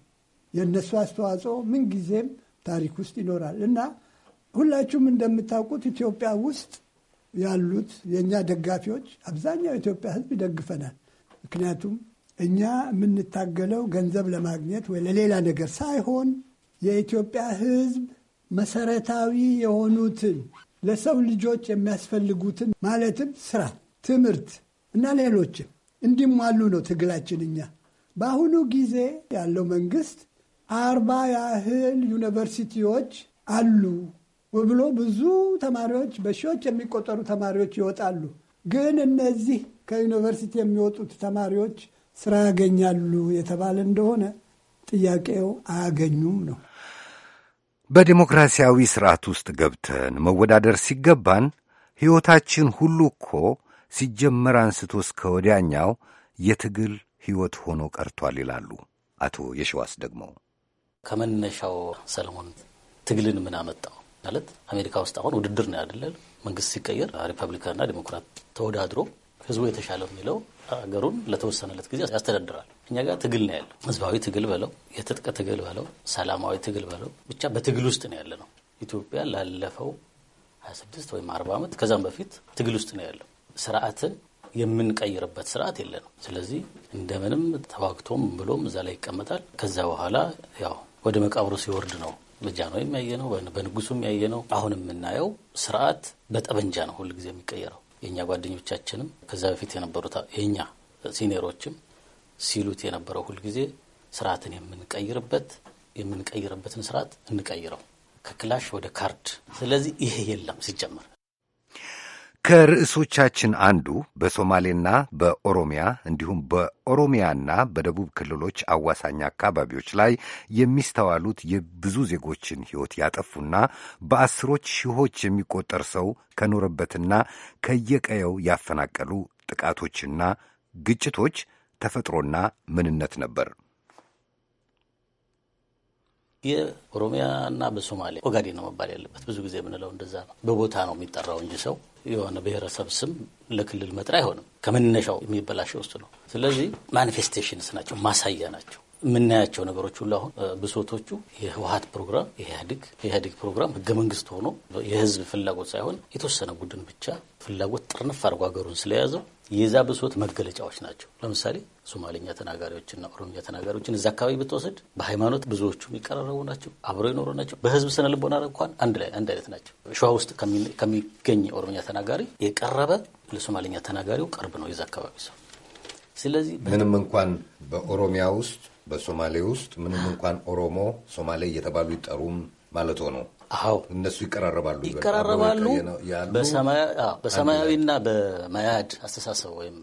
የእነሱ አስተዋጽኦ ምንጊዜም ታሪክ ውስጥ ይኖራል እና ሁላችሁም እንደምታውቁት ኢትዮጵያ ውስጥ ያሉት የእኛ ደጋፊዎች አብዛኛው ኢትዮጵያ ሕዝብ ይደግፈናል። ምክንያቱም እኛ የምንታገለው ገንዘብ ለማግኘት ወይ ለሌላ ነገር ሳይሆን የኢትዮጵያ ሕዝብ መሰረታዊ የሆኑትን ለሰው ልጆች የሚያስፈልጉትን ማለትም ስራ፣ ትምህርት እና ሌሎችም እንዲሟሉ ነው ትግላችን። እኛ በአሁኑ ጊዜ ያለው መንግስት አርባ ያህል ዩኒቨርሲቲዎች አሉ ብሎ ብዙ ተማሪዎች በሺዎች የሚቆጠሩ ተማሪዎች ይወጣሉ። ግን እነዚህ ከዩኒቨርሲቲ የሚወጡት ተማሪዎች ስራ ያገኛሉ የተባለ እንደሆነ ጥያቄው አያገኙም ነው። በዲሞክራሲያዊ ስርዓት ውስጥ ገብተን መወዳደር ሲገባን ሕይወታችን ሁሉ እኮ ሲጀመር አንስቶ እስከ ወዲያኛው የትግል ሕይወት ሆኖ ቀርቷል ይላሉ አቶ የሸዋስ ደግሞ ከመነሻው ሰለሞን ትግልን ምን አመጣው ማለት አሜሪካ ውስጥ አሁን ውድድር ነው ያደለል መንግስት ሲቀየር ሪፐብሊካንና ዲሞክራት ተወዳድሮ ህዝቡ የተሻለ የሚለው ሀገሩን ለተወሰነለት ጊዜ ያስተዳድራል። እኛ ጋር ትግል ነው ያለው። ህዝባዊ ትግል በለው፣ የትጥቅ ትግል በለው፣ ሰላማዊ ትግል በለው፣ ብቻ በትግል ውስጥ ነው ያለ ነው። ኢትዮጵያ ላለፈው 26 ወይም 40 ዓመት ከዛም በፊት ትግል ውስጥ ነው ያለው። ስርዓትን የምንቀይርበት ስርዓት የለ ነው። ስለዚህ እንደምንም ተዋግቶም ብሎም እዛ ላይ ይቀመጣል። ከዛ በኋላ ያው ወደ መቃብሩ ሲወርድ ነው። ነው የሚያየ ነው፣ በንጉሱም ያየ ነው። አሁን የምናየው ስርዓት በጠበንጃ ነው ሁልጊዜ የሚቀየረው። የእኛ ጓደኞቻችንም ከዛ በፊት የነበሩት የእኛ ሲኒየሮችም ሲሉት የነበረው ሁልጊዜ ስርዓትን የምንቀይርበት የምንቀይርበትን ስርዓት እንቀይረው ከክላሽ ወደ ካርድ። ስለዚህ ይሄ የለም ሲጀምር ከርዕሶቻችን አንዱ በሶማሌና በኦሮሚያ እንዲሁም በኦሮሚያና በደቡብ ክልሎች አዋሳኝ አካባቢዎች ላይ የሚስተዋሉት የብዙ ዜጎችን ሕይወት ያጠፉና በአስሮች ሺዎች የሚቆጠር ሰው ከኖረበትና ከየቀየው ያፈናቀሉ ጥቃቶችና ግጭቶች ተፈጥሮና ምንነት ነበር። የኦሮሚያ እና በሶማሊያ ኦጋዴን ነው መባል ያለበት። ብዙ ጊዜ የምንለው እንደዛ ነው። በቦታ ነው የሚጠራው እንጂ ሰው የሆነ ብሔረሰብ ስም ለክልል መጥር አይሆንም። ከመነሻው የሚበላሸው ውስጥ ነው። ስለዚህ ማኒፌስቴሽንስ ናቸው፣ ማሳያ ናቸው። የምናያቸው ነገሮች ሁሉ አሁን ብሶቶቹ የህወሀት ፕሮግራም የኢህአዴግ የኢህአዴግ ፕሮግራም ህገ መንግስት ሆኖ የህዝብ ፍላጎት ሳይሆን የተወሰነ ቡድን ብቻ ፍላጎት ጥርንፍ አድርጎ ሀገሩን ስለያዘው የዛ ብሶት መገለጫዎች ናቸው። ለምሳሌ ሶማሌኛ ተናጋሪዎችና ኦሮምኛ ተናጋሪዎችን እዛ አካባቢ ብትወስድ በሃይማኖት ብዙዎቹ የሚቀራረቡ ናቸው፣ አብረው ይኖሩ ናቸው። በህዝብ ስነ ልቦና እንኳን አንድ ላይ አንድ አይነት ናቸው። ሸዋ ውስጥ ከሚገኝ ኦሮምኛ ተናጋሪ የቀረበ ለሶማሌኛ ተናጋሪው ቅርብ ነው የዛ አካባቢ ሰው። ስለዚህ ምንም እንኳን በኦሮሚያ ውስጥ በሶማሌ ውስጥ ምንም እንኳን ኦሮሞ ሶማሌ እየተባሉ ይጠሩም ማለት ሆነው አዎ እነሱ ይቀራረባሉ ይቀራረባሉ። በሰማያዊና በመያድ አስተሳሰብ ወይም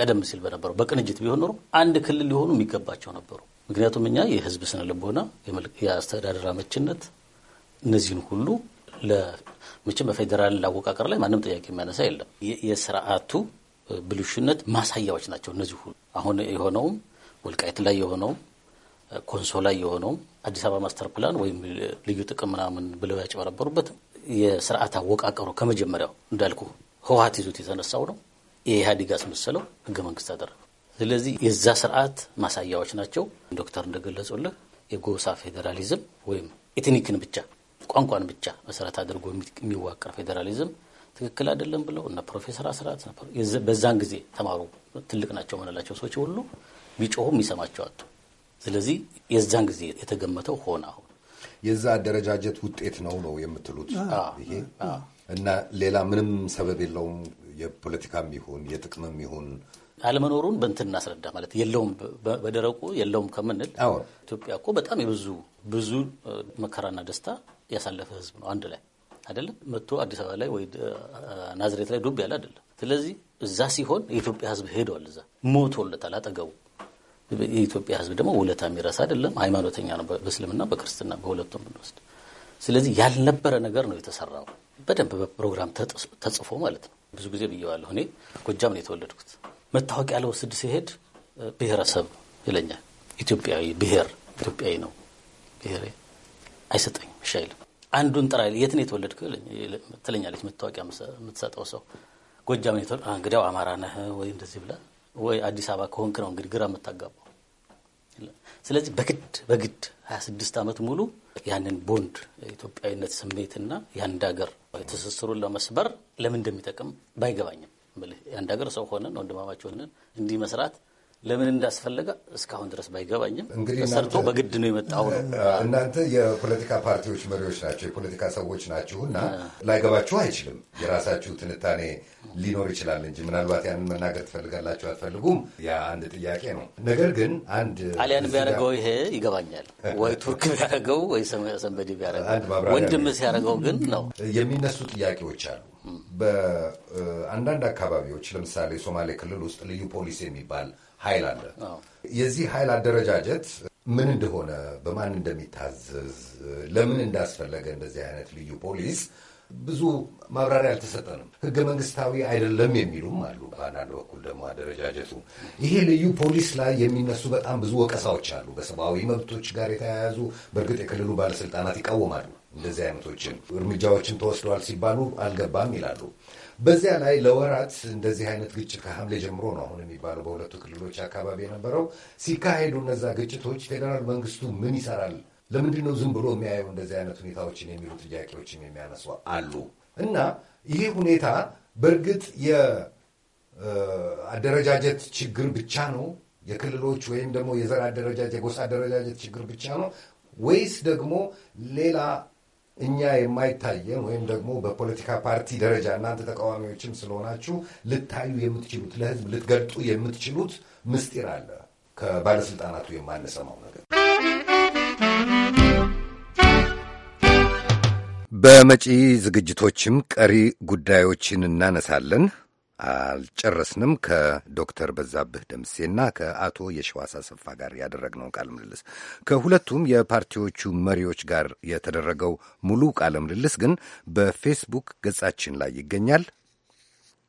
ቀደም ሲል በነበረው በቅንጅት ቢሆን ኖሮ አንድ ክልል ሊሆኑ የሚገባቸው ነበሩ። ምክንያቱም እኛ የህዝብ ስነ ልቦና፣ የአስተዳደር አመችነት እነዚህን ሁሉ ለምችም በፌዴራል አወቃቀር ላይ ማንም ጥያቄ የሚያነሳ የለም። የስርዓቱ ብልሹነት ማሳያዎች ናቸው እነዚህ ሁሉ አሁን የሆነውም ወልቃይት ላይ የሆነውም ኮንሶ ላይ የሆነውም አዲስ አበባ ማስተር ፕላን ወይም ልዩ ጥቅም ምናምን ብለው ያጭበረበሩበት የስርዓት አወቃቀሩ ከመጀመሪያው እንዳልኩ ህወሀት ይዞት የተነሳው ነው። የኢህአዴግ አስመሰለው ህገ መንግስት አደረገ። ስለዚህ የዛ ስርዓት ማሳያዎች ናቸው። ዶክተር እንደገለጹልህ የጎሳ ፌዴራሊዝም ወይም ኢትኒክን ብቻ ቋንቋን ብቻ መሰረት አድርጎ የሚዋቀር ፌዴራሊዝም ትክክል አይደለም ብለው እነ ፕሮፌሰር አስራት በዛን ጊዜ ተማሩ ትልቅ ናቸው ምንላቸው ሰዎች ሁሉ ቢጮሁም ይሰማቸው አጡ። ስለዚህ የዛን ጊዜ የተገመተው ሆነ። አሁን የዛ አደረጃጀት ውጤት ነው ነው የምትሉት ይሄ እና ሌላ ምንም ሰበብ የለውም። የፖለቲካም ይሁን የጥቅምም ይሁን አለመኖሩን በእንትን እናስረዳ ማለት የለውም፣ በደረቁ የለውም ከምንል ኢትዮጵያ እኮ በጣም የብዙ ብዙ መከራና ደስታ ያሳለፈ ህዝብ ነው። አንድ ላይ አይደለም መጥቶ አዲስ አበባ ላይ ወይ ናዝሬት ላይ ዱብ ያለ አይደለም። ስለዚህ እዛ ሲሆን የኢትዮጵያ ህዝብ ሄደዋል፣ እዛ ሞቶለታል አጠገቡ የኢትዮጵያ ህዝብ ደግሞ ውለታ የሚረሳ አይደለም። ሃይማኖተኛ ነው፣ በእስልምና በክርስትና በሁለቱም ብንወስድ። ስለዚህ ያልነበረ ነገር ነው የተሰራው፣ በደንብ በፕሮግራም ተጽፎ ማለት ነው። ብዙ ጊዜ ብየዋለሁ፣ እኔ ጎጃም ነው የተወለድኩት። መታወቂያ ለውስድ ሲሄድ ብሔረሰብ ይለኛል። ኢትዮጵያዊ ብሔር ኢትዮጵያዊ ነው ብሔር አይሰጠኝም፣ እሺ አይልም። አንዱን ጥራ፣ የት ነው የተወለድከው ትለኛለች መታወቂያ የምትሰጠው ሰው። ጎጃም ነው የተወለድኩት፣ እንግዲያው አማራ ነህ ወይ እንደዚህ ብላ ወይ አዲስ አበባ ከሆንክ ነው እንግዲህ ግራ የምታጋባው። ስለዚህ በግድ በግድ 26 ዓመት ሙሉ ያንን ቦንድ ኢትዮጵያዊነት ስሜትና የአንድ ሀገር ትስስሩን ለመስበር ለምን እንደሚጠቅም ባይገባኝም የአንድ ሀገር ሰው ሆነን ወንድማማች ሆነን እንዲህ መስራት ለምን እንዳስፈለገ እስካሁን ድረስ ባይገባኝም ሰርቶ በግድ ነው የመጣው ነው። እናንተ የፖለቲካ ፓርቲዎች መሪዎች ናቸው፣ የፖለቲካ ሰዎች ናችሁ እና ላይገባችሁ አይችልም። የራሳችሁ ትንታኔ ሊኖር ይችላል እንጂ ምናልባት ያንን መናገር ትፈልጋላችሁ አትፈልጉም፣ ያ አንድ ጥያቄ ነው። ነገር ግን አንድ ጣሊያን ቢያደርገው ይሄ ይገባኛል፣ ወይ ቱርክ ቢያደርገው፣ ወይ ሰንበዲ ቢያደርገው፣ ወንድም ሲያደርገው ግን ነው የሚነሱ ጥያቄዎች አሉ። በአንዳንድ አካባቢዎች ለምሳሌ ሶማሌ ክልል ውስጥ ልዩ ፖሊስ የሚባል ኃይል አለ። የዚህ ኃይል አደረጃጀት ምን እንደሆነ፣ በማን እንደሚታዘዝ፣ ለምን እንዳስፈለገ እንደዚህ አይነት ልዩ ፖሊስ ብዙ ማብራሪያ አልተሰጠንም። ህገ መንግስታዊ አይደለም የሚሉም አሉ። በአንዳንድ በኩል ደግሞ አደረጃጀቱ ይሄ ልዩ ፖሊስ ላይ የሚነሱ በጣም ብዙ ወቀሳዎች አሉ፣ በሰብአዊ መብቶች ጋር የተያያዙ። በእርግጥ የክልሉ ባለስልጣናት ይቃወማሉ። እንደዚህ አይነቶችን እርምጃዎችን ተወስደዋል ሲባሉ አልገባም ይላሉ። በዚያ ላይ ለወራት እንደዚህ አይነት ግጭት ከሐምሌ ጀምሮ ነው አሁን የሚባለው በሁለቱ ክልሎች አካባቢ የነበረው ሲካሄዱ እነዛ ግጭቶች ፌዴራል መንግስቱ ምን ይሰራል? ለምንድን ነው ዝም ብሎ የሚያየው እንደዚህ አይነት ሁኔታዎችን የሚሉ ጥያቄዎችን የሚያነሱ አሉ እና ይህ ሁኔታ በእርግጥ የአደረጃጀት ችግር ብቻ ነው የክልሎች ወይም ደግሞ የዘር አደረጃጀት የጎሳ አደረጃጀት ችግር ብቻ ነው ወይስ ደግሞ ሌላ እኛ የማይታየን ወይም ደግሞ በፖለቲካ ፓርቲ ደረጃ እናንተ ተቃዋሚዎችም ስለሆናችሁ ልታዩ የምትችሉት ለህዝብ ልትገልጡ የምትችሉት ምስጢር አለ ከባለስልጣናቱ የማንሰማው ነገር። በመጪ ዝግጅቶችም ቀሪ ጉዳዮችን እናነሳለን። አልጨረስንም። ከዶክተር በዛብህ ደምሴና ከአቶ የሸዋስ አሰፋ ጋር ያደረግነው ቃለ ምልልስ ከሁለቱም የፓርቲዎቹ መሪዎች ጋር የተደረገው ሙሉ ቃለ ምልልስ ግን በፌስቡክ ገጻችን ላይ ይገኛል።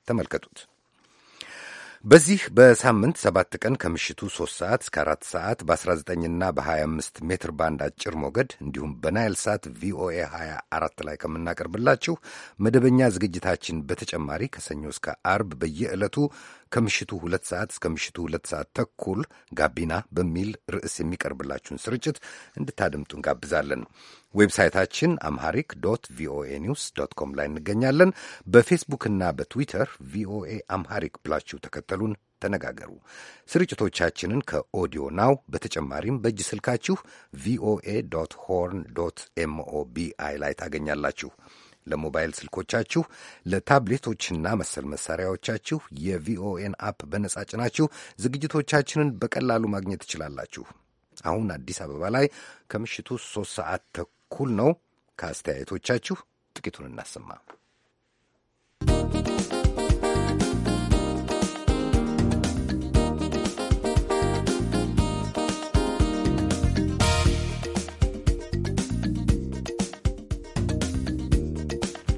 ተመልከቱት። በዚህ በሳምንት ሰባት ቀን ከምሽቱ ሶስት ሰዓት እስከ 4 ሰዓት በ19ና በ25 ሜትር ባንድ አጭር ሞገድ እንዲሁም በናይል ሳት ቪኦኤ 24 ላይ ከምናቀርብላችሁ መደበኛ ዝግጅታችን በተጨማሪ ከሰኞ እስከ አርብ በየዕለቱ ከምሽቱ ሁለት ሰዓት እስከ ምሽቱ ሁለት ሰዓት ተኩል ጋቢና በሚል ርዕስ የሚቀርብላችሁን ስርጭት እንድታደምጡ እንጋብዛለን። ዌብሳይታችን አምሃሪክ ዶት ቪኦኤ ኒውስ ዶት ኮም ላይ እንገኛለን። በፌስቡክና በትዊተር ቪኦኤ አምሃሪክ ብላችሁ ተከተሉን፣ ተነጋገሩ። ስርጭቶቻችንን ከኦዲዮ ናው በተጨማሪም በእጅ ስልካችሁ ቪኦኤ ዶት ሆርን ዶት ኤምኦቢአይ ላይ ታገኛላችሁ። ለሞባይል ስልኮቻችሁ፣ ለታብሌቶችና መሰል መሳሪያዎቻችሁ የቪኦኤን አፕ በነጻ ጭናችሁ ዝግጅቶቻችንን በቀላሉ ማግኘት ትችላላችሁ። አሁን አዲስ አበባ ላይ ከምሽቱ ሶስት ሰዓት ተኩል ነው። ከአስተያየቶቻችሁ ጥቂቱን እናሰማ።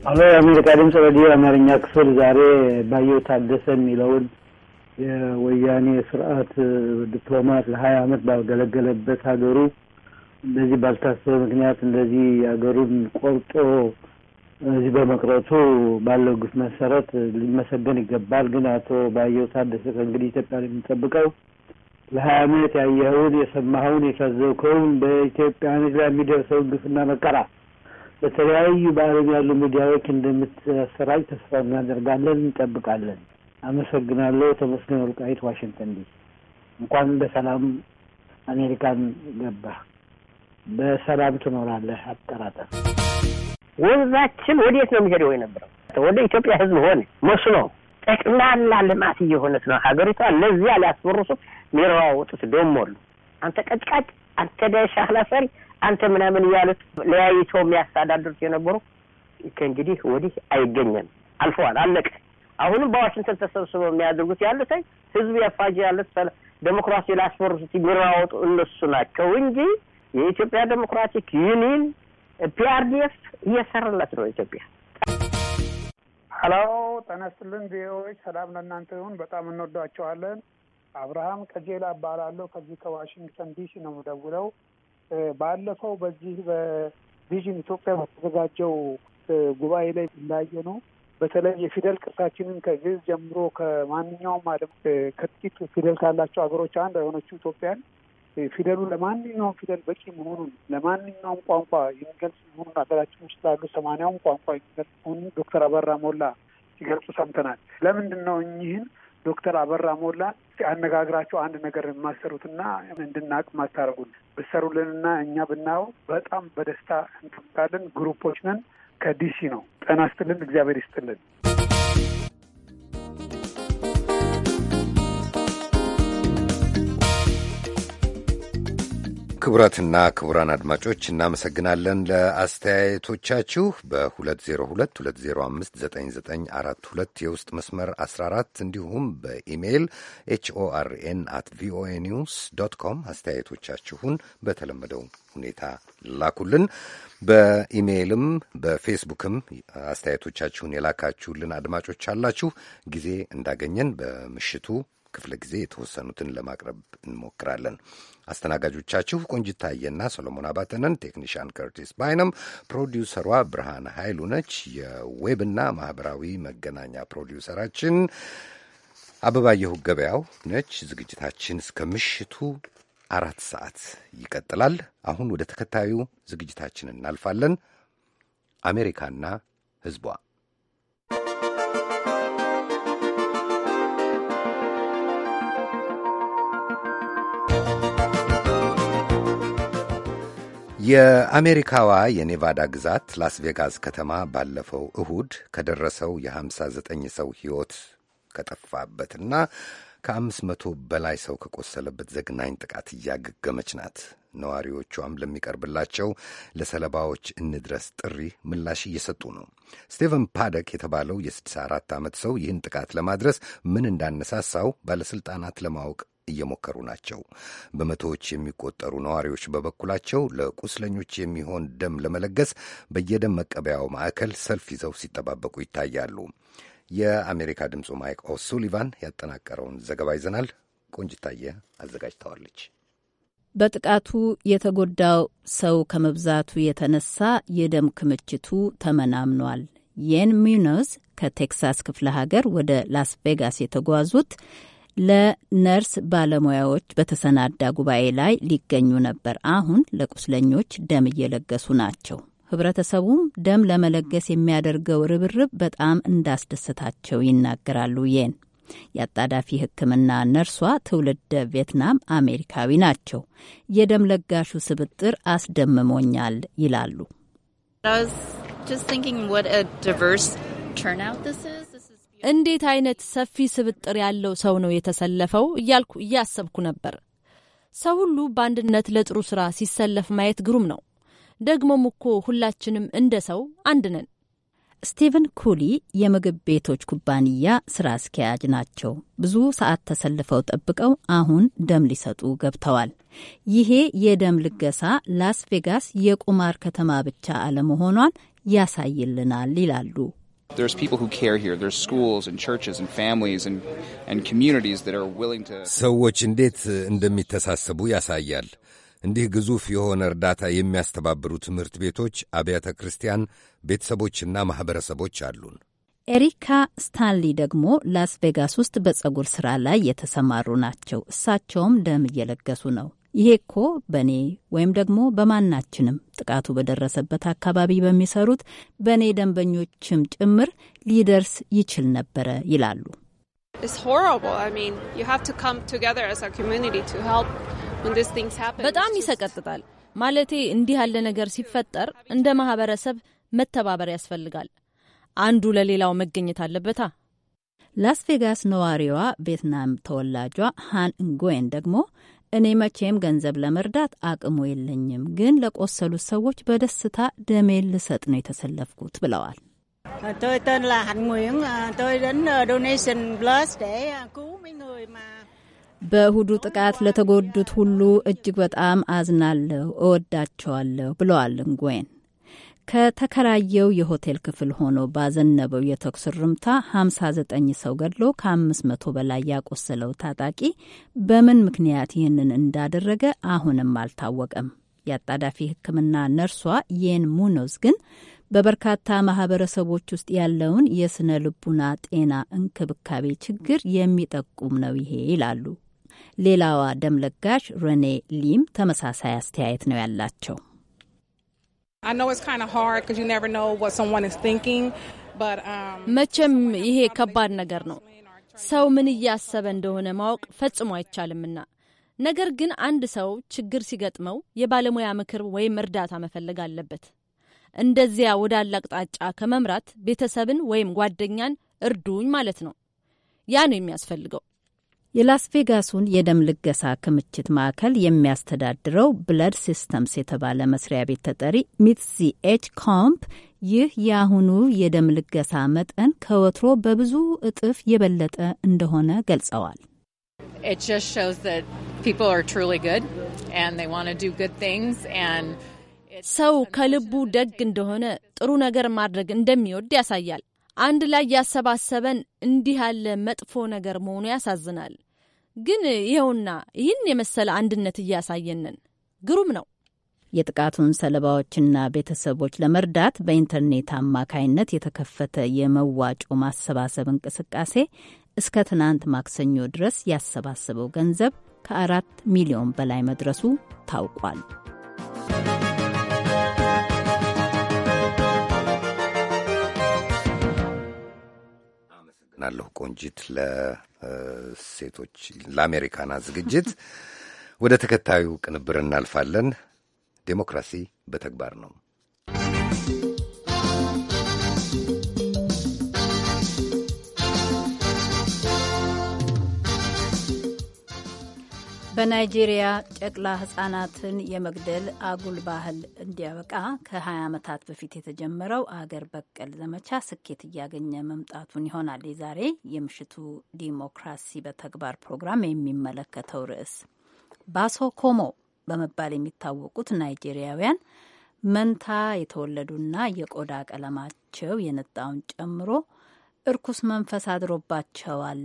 አሎ የአሜሪካ ድምጽ ሬዲዮ የአማርኛ ክፍል ዛሬ ባየው ታደሰ የሚለውን የወያኔ ስርዓት ዲፕሎማት ለሀያ አመት ባገለገለበት ሀገሩ እንደዚህ ባልታሰበ ምክንያት እንደዚህ ሀገሩን ቆርጦ እዚህ በመቅረቱ ባለው ግፍ መሰረት ሊመሰገን ይገባል። ግን አቶ ባየው ታደሰ ከእንግዲህ ኢትዮጵያ የሚጠብቀው ለሀያ አመት ያየኸውን፣ የሰማኸውን፣ የታዘብከውን በኢትዮጵያ ላይ የሚደርሰውን ግፍና መከራ በተለያዩ በዓለም ያሉ ሚዲያዎች እንደምትሰራጭ ተስፋ እናደርጋለን፣ እንጠብቃለን። አመሰግናለሁ። ተመስገን ወልቃይት፣ ዋሽንግተን ዲሲ። እንኳን በሰላም አሜሪካን ገባ። በሰላም ትኖራለህ፣ አጠራጠር ወዛችን ወዴት ነው የሚሄደው የነበረው? ወደ ኢትዮጵያ ህዝብ ሆነ መስኖ ጠቅላላ ልማት እየሆነት ነው ሀገሪቷ። ለዚያ ሊያስበርሱት ወጡት ደሞሉ አንተ ቀጭቃጭ፣ አንተ ዳይ ሻህላፈሪ አንተ ምናምን እያሉት ለያይቶ የሚያስተዳድሩት የነበሩ ከእንግዲህ ወዲህ አይገኘም። አልፈዋል፣ አለቀ። አሁንም በዋሽንግተን ተሰብስበው የሚያደርጉት ያሉት ህዝብ ያፋጅ ያለት ዴሞክራሲ ላስፈርሱት የሚራወጡ እነሱ ናቸው እንጂ የኢትዮጵያ ዴሞክራቲክ ዩኒን ፒአርዲኤፍ እየሰራላት ነው ኢትዮጵያ። ሀሎ ጠነስልን ቪኦኤዎች፣ ሰላም ለእናንተ ይሁን። በጣም እንወዳቸዋለን። አብርሃም ከጄላ እባላለሁ። ከዚህ ከዋሽንግተን ዲሲ ነው የምደውለው። ባለፈው በዚህ በቪዥን ኢትዮጵያ በተዘጋጀው ጉባኤ ላይ እንዳየ ነው በተለይ የፊደል ቅርሳችንን ከግዕዝ ጀምሮ ከማንኛውም ዓለም ከጥቂት ፊደል ካላቸው ሀገሮች አንድ የሆነችው ኢትዮጵያን ፊደሉ ለማንኛውም ፊደል በቂ መሆኑን ለማንኛውም ቋንቋ የሚገልጽ መሆኑን ሀገራችን ውስጥ ላሉ ሰማንያውም ቋንቋ የሚገልጽ መሆኑን ዶክተር አበራ ሞላ ሲገልጹ ሰምተናል። ለምንድን ነው እኚህን ዶክተር አበራ ሞላ አነጋግራቸው አንድ ነገር የማሰሩትና እንድናቅ ማታረጉን ብሰሩልንና እኛ ብናየው በጣም በደስታ እንጠብቃለን። ግሩፖች ነን። ከዲሲ ነው። ጤና ይስጥልን። እግዚአብሔር ይስጥልን። ክቡራትና ክቡራን አድማጮች እናመሰግናለን ለአስተያየቶቻችሁ። በ2022059942 የውስጥ መስመር 14 እንዲሁም በኢሜይል ኤችኦአርኤን አት ቪኦኤ ኒውስ ዶት ኮም አስተያየቶቻችሁን በተለመደው ሁኔታ ላኩልን። በኢሜይልም በፌስቡክም አስተያየቶቻችሁን የላካችሁልን አድማጮች አላችሁ። ጊዜ እንዳገኘን በምሽቱ ክፍለ ጊዜ የተወሰኑትን ለማቅረብ እንሞክራለን። አስተናጋጆቻችሁ ቆንጅት ታየና ሰሎሞን አባተነን። ቴክኒሽያን ከርቲስ ባይነም፣ ፕሮዲውሰሯ ብርሃን ኃይሉ ነች። የዌብና ማህበራዊ መገናኛ ፕሮዲውሰራችን አበባየሁ ገበያው ነች። ዝግጅታችን እስከ ምሽቱ አራት ሰዓት ይቀጥላል። አሁን ወደ ተከታዩ ዝግጅታችን እናልፋለን። አሜሪካና ህዝቧ የአሜሪካዋ የኔቫዳ ግዛት ላስ ቬጋስ ከተማ ባለፈው እሁድ ከደረሰው የ59 ሰው ሕይወት ከጠፋበትና ከአምስት መቶ በላይ ሰው ከቆሰለበት ዘግናኝ ጥቃት እያገገመች ናት። ነዋሪዎቿም ለሚቀርብላቸው ለሰለባዎች እንድረስ ጥሪ ምላሽ እየሰጡ ነው። ስቴቨን ፓደክ የተባለው የ64 ዓመት ሰው ይህን ጥቃት ለማድረስ ምን እንዳነሳሳው ባለሥልጣናት ለማወቅ እየሞከሩ ናቸው። በመቶዎች የሚቆጠሩ ነዋሪዎች በበኩላቸው ለቁስለኞች የሚሆን ደም ለመለገስ በየደም መቀበያው ማዕከል ሰልፍ ይዘው ሲጠባበቁ ይታያሉ። የአሜሪካ ድምፁ ማይክ ኦሱሊቫን ያጠናቀረውን ዘገባ ይዘናል። ቆንጅታየ አዘጋጅተዋለች። በጥቃቱ የተጎዳው ሰው ከመብዛቱ የተነሳ የደም ክምችቱ ተመናምኗል። የን ሚኖዝ ከቴክሳስ ክፍለ ሀገር ወደ ላስ ቬጋስ የተጓዙት ለነርስ ባለሙያዎች በተሰናዳ ጉባኤ ላይ ሊገኙ ነበር። አሁን ለቁስለኞች ደም እየለገሱ ናቸው። ህብረተሰቡም ደም ለመለገስ የሚያደርገው ርብርብ በጣም እንዳስደሰታቸው ይናገራሉ። የን የአጣዳፊ ሕክምና ነርሷ ትውልደ ቪየትናም አሜሪካዊ ናቸው። የደም ለጋሹ ስብጥር አስደምሞኛል ይላሉ። እንዴት አይነት ሰፊ ስብጥር ያለው ሰው ነው የተሰለፈው እያልኩ እያሰብኩ ነበር። ሰው ሁሉ በአንድነት ለጥሩ ስራ ሲሰለፍ ማየት ግሩም ነው። ደግሞም እኮ ሁላችንም እንደ ሰው አንድ ነን። ስቲቨን ኩሊ የምግብ ቤቶች ኩባንያ ስራ አስኪያጅ ናቸው። ብዙ ሰዓት ተሰልፈው ጠብቀው አሁን ደም ሊሰጡ ገብተዋል። ይሄ የደም ልገሳ ላስ ቬጋስ የቁማር ከተማ ብቻ አለመሆኗን ያሳይልናል ይላሉ ሰዎች እንዴት እንደሚተሳሰቡ ያሳያል። እንዲህ ግዙፍ የሆነ እርዳታ የሚያስተባብሩ ትምህርት ቤቶች፣ አብያተ ክርስቲያን፣ ቤተሰቦችና ማኅበረሰቦች አሉን። ኤሪካ ስታንሊ ደግሞ ላስ ቬጋስ ውስጥ በጸጉር ስራ ላይ የተሰማሩ ናቸው። እሳቸውም ደም እየለገሱ ነው። ይሄ እኮ በእኔ ወይም ደግሞ በማናችንም ጥቃቱ በደረሰበት አካባቢ በሚሰሩት በእኔ ደንበኞችም ጭምር ሊደርስ ይችል ነበረ ይላሉ። በጣም ይሰቀጥጣል። ማለቴ እንዲህ ያለ ነገር ሲፈጠር እንደ ማህበረሰብ መተባበር ያስፈልጋል። አንዱ ለሌላው መገኘት አለበታ። ላስ ቬጋስ ነዋሪዋ ቬትናም ተወላጇ ሃን እንጎየን ደግሞ እኔ መቼም ገንዘብ ለመርዳት አቅሙ የለኝም፣ ግን ለቆሰሉት ሰዎች በደስታ ደሜን ልሰጥ ነው የተሰለፍኩት ብለዋል። በእሁዱ ጥቃት ለተጎዱት ሁሉ እጅግ በጣም አዝናለሁ፣ እወዳቸዋለሁ ብለዋል ንጉዌን። ከተከራየው የሆቴል ክፍል ሆኖ ባዘነበው የተኩስ እርምታ 59 ሰው ገድሎ ከ500 በላይ ያቆሰለው ታጣቂ በምን ምክንያት ይህንን እንዳደረገ አሁንም አልታወቀም። የአጣዳፊ ሕክምና ነርሷ የን ሙኖዝ ግን በበርካታ ማህበረሰቦች ውስጥ ያለውን የስነ ልቡና ጤና እንክብካቤ ችግር የሚጠቁም ነው ይሄ ይላሉ። ሌላዋ ደም ለጋሽ ረኔ ሊም ተመሳሳይ አስተያየት ነው ያላቸው። መቼም ይሄ ከባድ ነገር ነው። ሰው ምን እያሰበ እንደሆነ ማወቅ ፈጽሞ አይቻልምና፣ ነገር ግን አንድ ሰው ችግር ሲገጥመው የባለሙያ ምክር ወይም እርዳታ መፈለግ አለበት። እንደዚያ ወዳለ አቅጣጫ ከመምራት ቤተሰብን ወይም ጓደኛን እርዱኝ ማለት ነው። ያ ነው የሚያስፈልገው። የላስቬጋሱን የደም ልገሳ ክምችት ማዕከል የሚያስተዳድረው ብለድ ሲስተምስ የተባለ መስሪያ ቤት ተጠሪ ሚትዚ ኤች ኮምፕ ይህ የአሁኑ የደም ልገሳ መጠን ከወትሮ በብዙ እጥፍ የበለጠ እንደሆነ ገልጸዋል። ሰው ከልቡ ደግ እንደሆነ ጥሩ ነገር ማድረግ እንደሚወድ ያሳያል። አንድ ላይ ያሰባሰበን እንዲህ ያለ መጥፎ ነገር መሆኑ ያሳዝናል። ግን ይኸውና ይህን የመሰለ አንድነት እያሳየንን ግሩም ነው። የጥቃቱን ሰለባዎችና ቤተሰቦች ለመርዳት በኢንተርኔት አማካይነት የተከፈተ የመዋጮ ማሰባሰብ እንቅስቃሴ እስከ ትናንት ማክሰኞ ድረስ ያሰባሰበው ገንዘብ ከአራት ሚሊዮን በላይ መድረሱ ታውቋል። አመሰግናለሁ ቆንጂት ለሴቶች ለአሜሪካና ዝግጅት። ወደ ተከታዩ ቅንብር እናልፋለን። ዴሞክራሲ በተግባር ነው። በናይጄሪያ ጨቅላ ህጻናትን የመግደል አጉል ባህል እንዲያበቃ ከ20 ዓመታት በፊት የተጀመረው አገር በቀል ዘመቻ ስኬት እያገኘ መምጣቱን ይሆናል የዛሬ የምሽቱ ዲሞክራሲ በተግባር ፕሮግራም የሚመለከተው ርዕስ። ባሶ ኮሞ በመባል የሚታወቁት ናይጄሪያውያን መንታ የተወለዱና የቆዳ ቀለማቸው የነጣውን ጨምሮ እርኩስ መንፈስ አድሮባቸዋል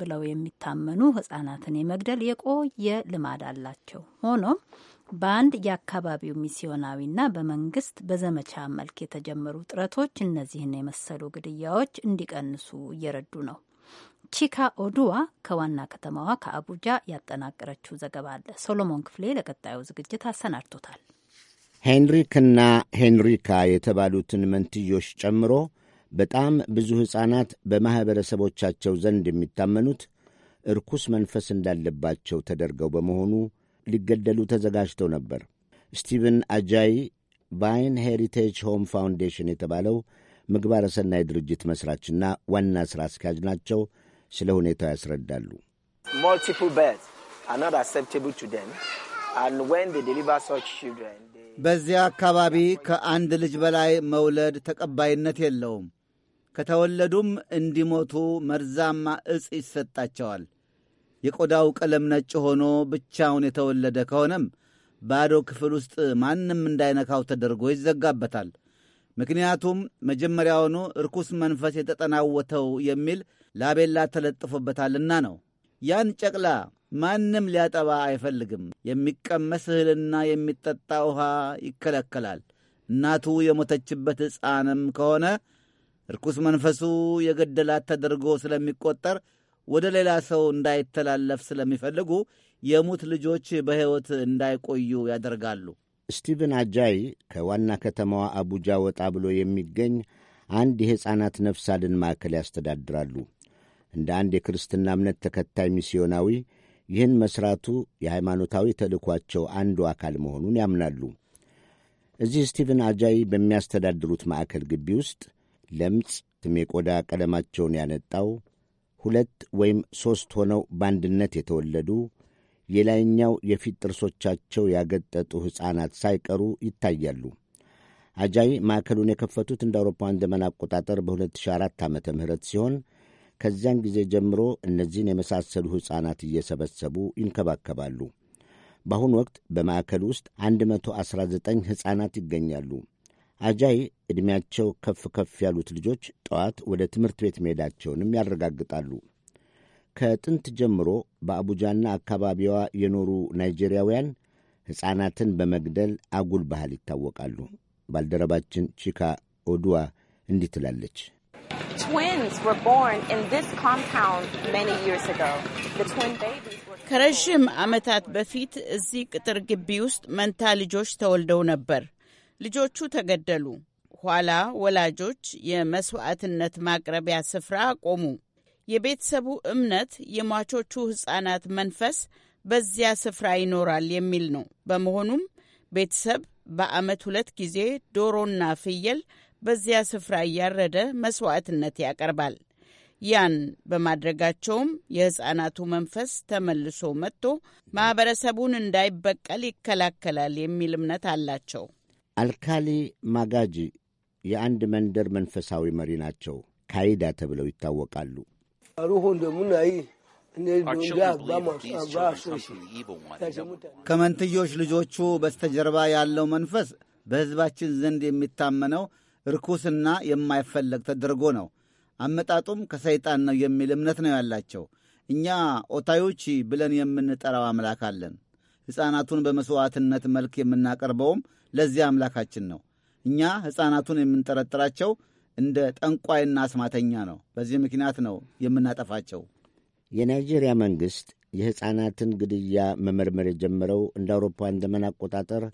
ብለው የሚታመኑ ህጻናትን የመግደል የቆየ ልማድ አላቸው። ሆኖም በአንድ የአካባቢው ሚስዮናዊና በመንግስት በዘመቻ መልክ የተጀመሩ ጥረቶች እነዚህን የመሰሉ ግድያዎች እንዲቀንሱ እየረዱ ነው። ቺካ ኦዱዋ ከዋና ከተማዋ ከአቡጃ ያጠናቀረችው ዘገባ አለ። ሶሎሞን ክፍሌ ለቀጣዩ ዝግጅት አሰናድቶታል። ሄንሪክና ሄንሪካ የተባሉትን መንትዮች ጨምሮ በጣም ብዙ ሕፃናት በማኅበረሰቦቻቸው ዘንድ የሚታመኑት እርኩስ መንፈስ እንዳለባቸው ተደርገው በመሆኑ ሊገደሉ ተዘጋጅተው ነበር። ስቲቨን አጃይ ባይን ሄሪቴጅ ሆም ፋውንዴሽን የተባለው ምግባረ ሰናይ ድርጅት መሥራችና ዋና ሥራ አስኪያጅ ናቸው። ስለ ሁኔታው ያስረዳሉ። በዚያ አካባቢ ከአንድ ልጅ በላይ መውለድ ተቀባይነት የለውም። ከተወለዱም እንዲሞቱ መርዛማ እጽ ይሰጣቸዋል። የቆዳው ቀለም ነጭ ሆኖ ብቻውን የተወለደ ከሆነም ባዶ ክፍል ውስጥ ማንም እንዳይነካው ተደርጎ ይዘጋበታል። ምክንያቱም መጀመሪያውኑ ርኩስ መንፈስ የተጠናወተው የሚል ላቤላ ተለጥፎበታልና ነው። ያን ጨቅላ ማንም ሊያጠባ አይፈልግም። የሚቀመስ እህልና የሚጠጣ ውሃ ይከለከላል። እናቱ የሞተችበት ሕፃንም ከሆነ ርኩስ መንፈሱ የገደላት ተደርጎ ስለሚቆጠር ወደ ሌላ ሰው እንዳይተላለፍ ስለሚፈልጉ የሙት ልጆች በሕይወት እንዳይቆዩ ያደርጋሉ። ስቲቨን አጃይ ከዋና ከተማዋ አቡጃ ወጣ ብሎ የሚገኝ አንድ የሕፃናት ነፍስ አድን ማዕከል ያስተዳድራሉ። እንደ አንድ የክርስትና እምነት ተከታይ ሚስዮናዊ ይህን መሥራቱ የሃይማኖታዊ ተልእኳቸው አንዱ አካል መሆኑን ያምናሉ። እዚህ ስቲቨን አጃይ በሚያስተዳድሩት ማዕከል ግቢ ውስጥ ለምጽ ትሜ ቆዳ ቀለማቸውን ያነጣው ሁለት ወይም ሦስት ሆነው በአንድነት የተወለዱ የላይኛው የፊት ጥርሶቻቸው ያገጠጡ ሕፃናት ሳይቀሩ ይታያሉ። አጃይ ማዕከሉን የከፈቱት እንደ አውሮፓውያን ዘመን አቆጣጠር በ2004 ዓ ም ሲሆን ከዚያን ጊዜ ጀምሮ እነዚህን የመሳሰሉ ሕፃናት እየሰበሰቡ ይንከባከባሉ። በአሁኑ ወቅት በማዕከል ውስጥ 119 ሕፃናት ይገኛሉ። አጃይ ዕድሜያቸው ከፍ ከፍ ያሉት ልጆች ጠዋት ወደ ትምህርት ቤት መሄዳቸውንም ያረጋግጣሉ። ከጥንት ጀምሮ በአቡጃና አካባቢዋ የኖሩ ናይጄሪያውያን ሕፃናትን በመግደል አጉል ባህል ይታወቃሉ። ባልደረባችን ቺካ ኦዱዋ እንዲህ ትላለች። ከረዥም ዓመታት በፊት እዚህ ቅጥር ግቢ ውስጥ መንታ ልጆች ተወልደው ነበር። ልጆቹ ተገደሉ። ኋላ ወላጆች የመስዋዕትነት ማቅረቢያ ስፍራ አቆሙ። የቤተሰቡ እምነት የሟቾቹ ሕፃናት መንፈስ በዚያ ስፍራ ይኖራል የሚል ነው። በመሆኑም ቤተሰብ በዓመት ሁለት ጊዜ ዶሮና ፍየል በዚያ ስፍራ እያረደ መስዋዕትነት ያቀርባል። ያን በማድረጋቸውም የሕፃናቱ መንፈስ ተመልሶ መጥቶ ማኅበረሰቡን እንዳይበቀል ይከላከላል የሚል እምነት አላቸው። አልካሊ ማጋጂ የአንድ መንደር መንፈሳዊ መሪ ናቸው። ካይዳ ተብለው ይታወቃሉ። ከመንትዮች ልጆቹ በስተጀርባ ያለው መንፈስ በሕዝባችን ዘንድ የሚታመነው ርኩስና የማይፈለግ ተደርጎ ነው። አመጣጡም ከሰይጣን ነው የሚል እምነት ነው ያላቸው። እኛ ኦታዮቺ ብለን የምንጠራው አምላክ አለን። ሕፃናቱን በመሥዋዕትነት መልክ የምናቀርበውም ለዚያ አምላካችን ነው። እኛ ሕፃናቱን የምንጠረጥራቸው እንደ ጠንቋይና አስማተኛ ነው። በዚህ ምክንያት ነው የምናጠፋቸው። የናይጄሪያ መንግሥት የሕፃናትን ግድያ መመርመር የጀመረው እንደ አውሮፓውያን ዘመን አቆጣጠር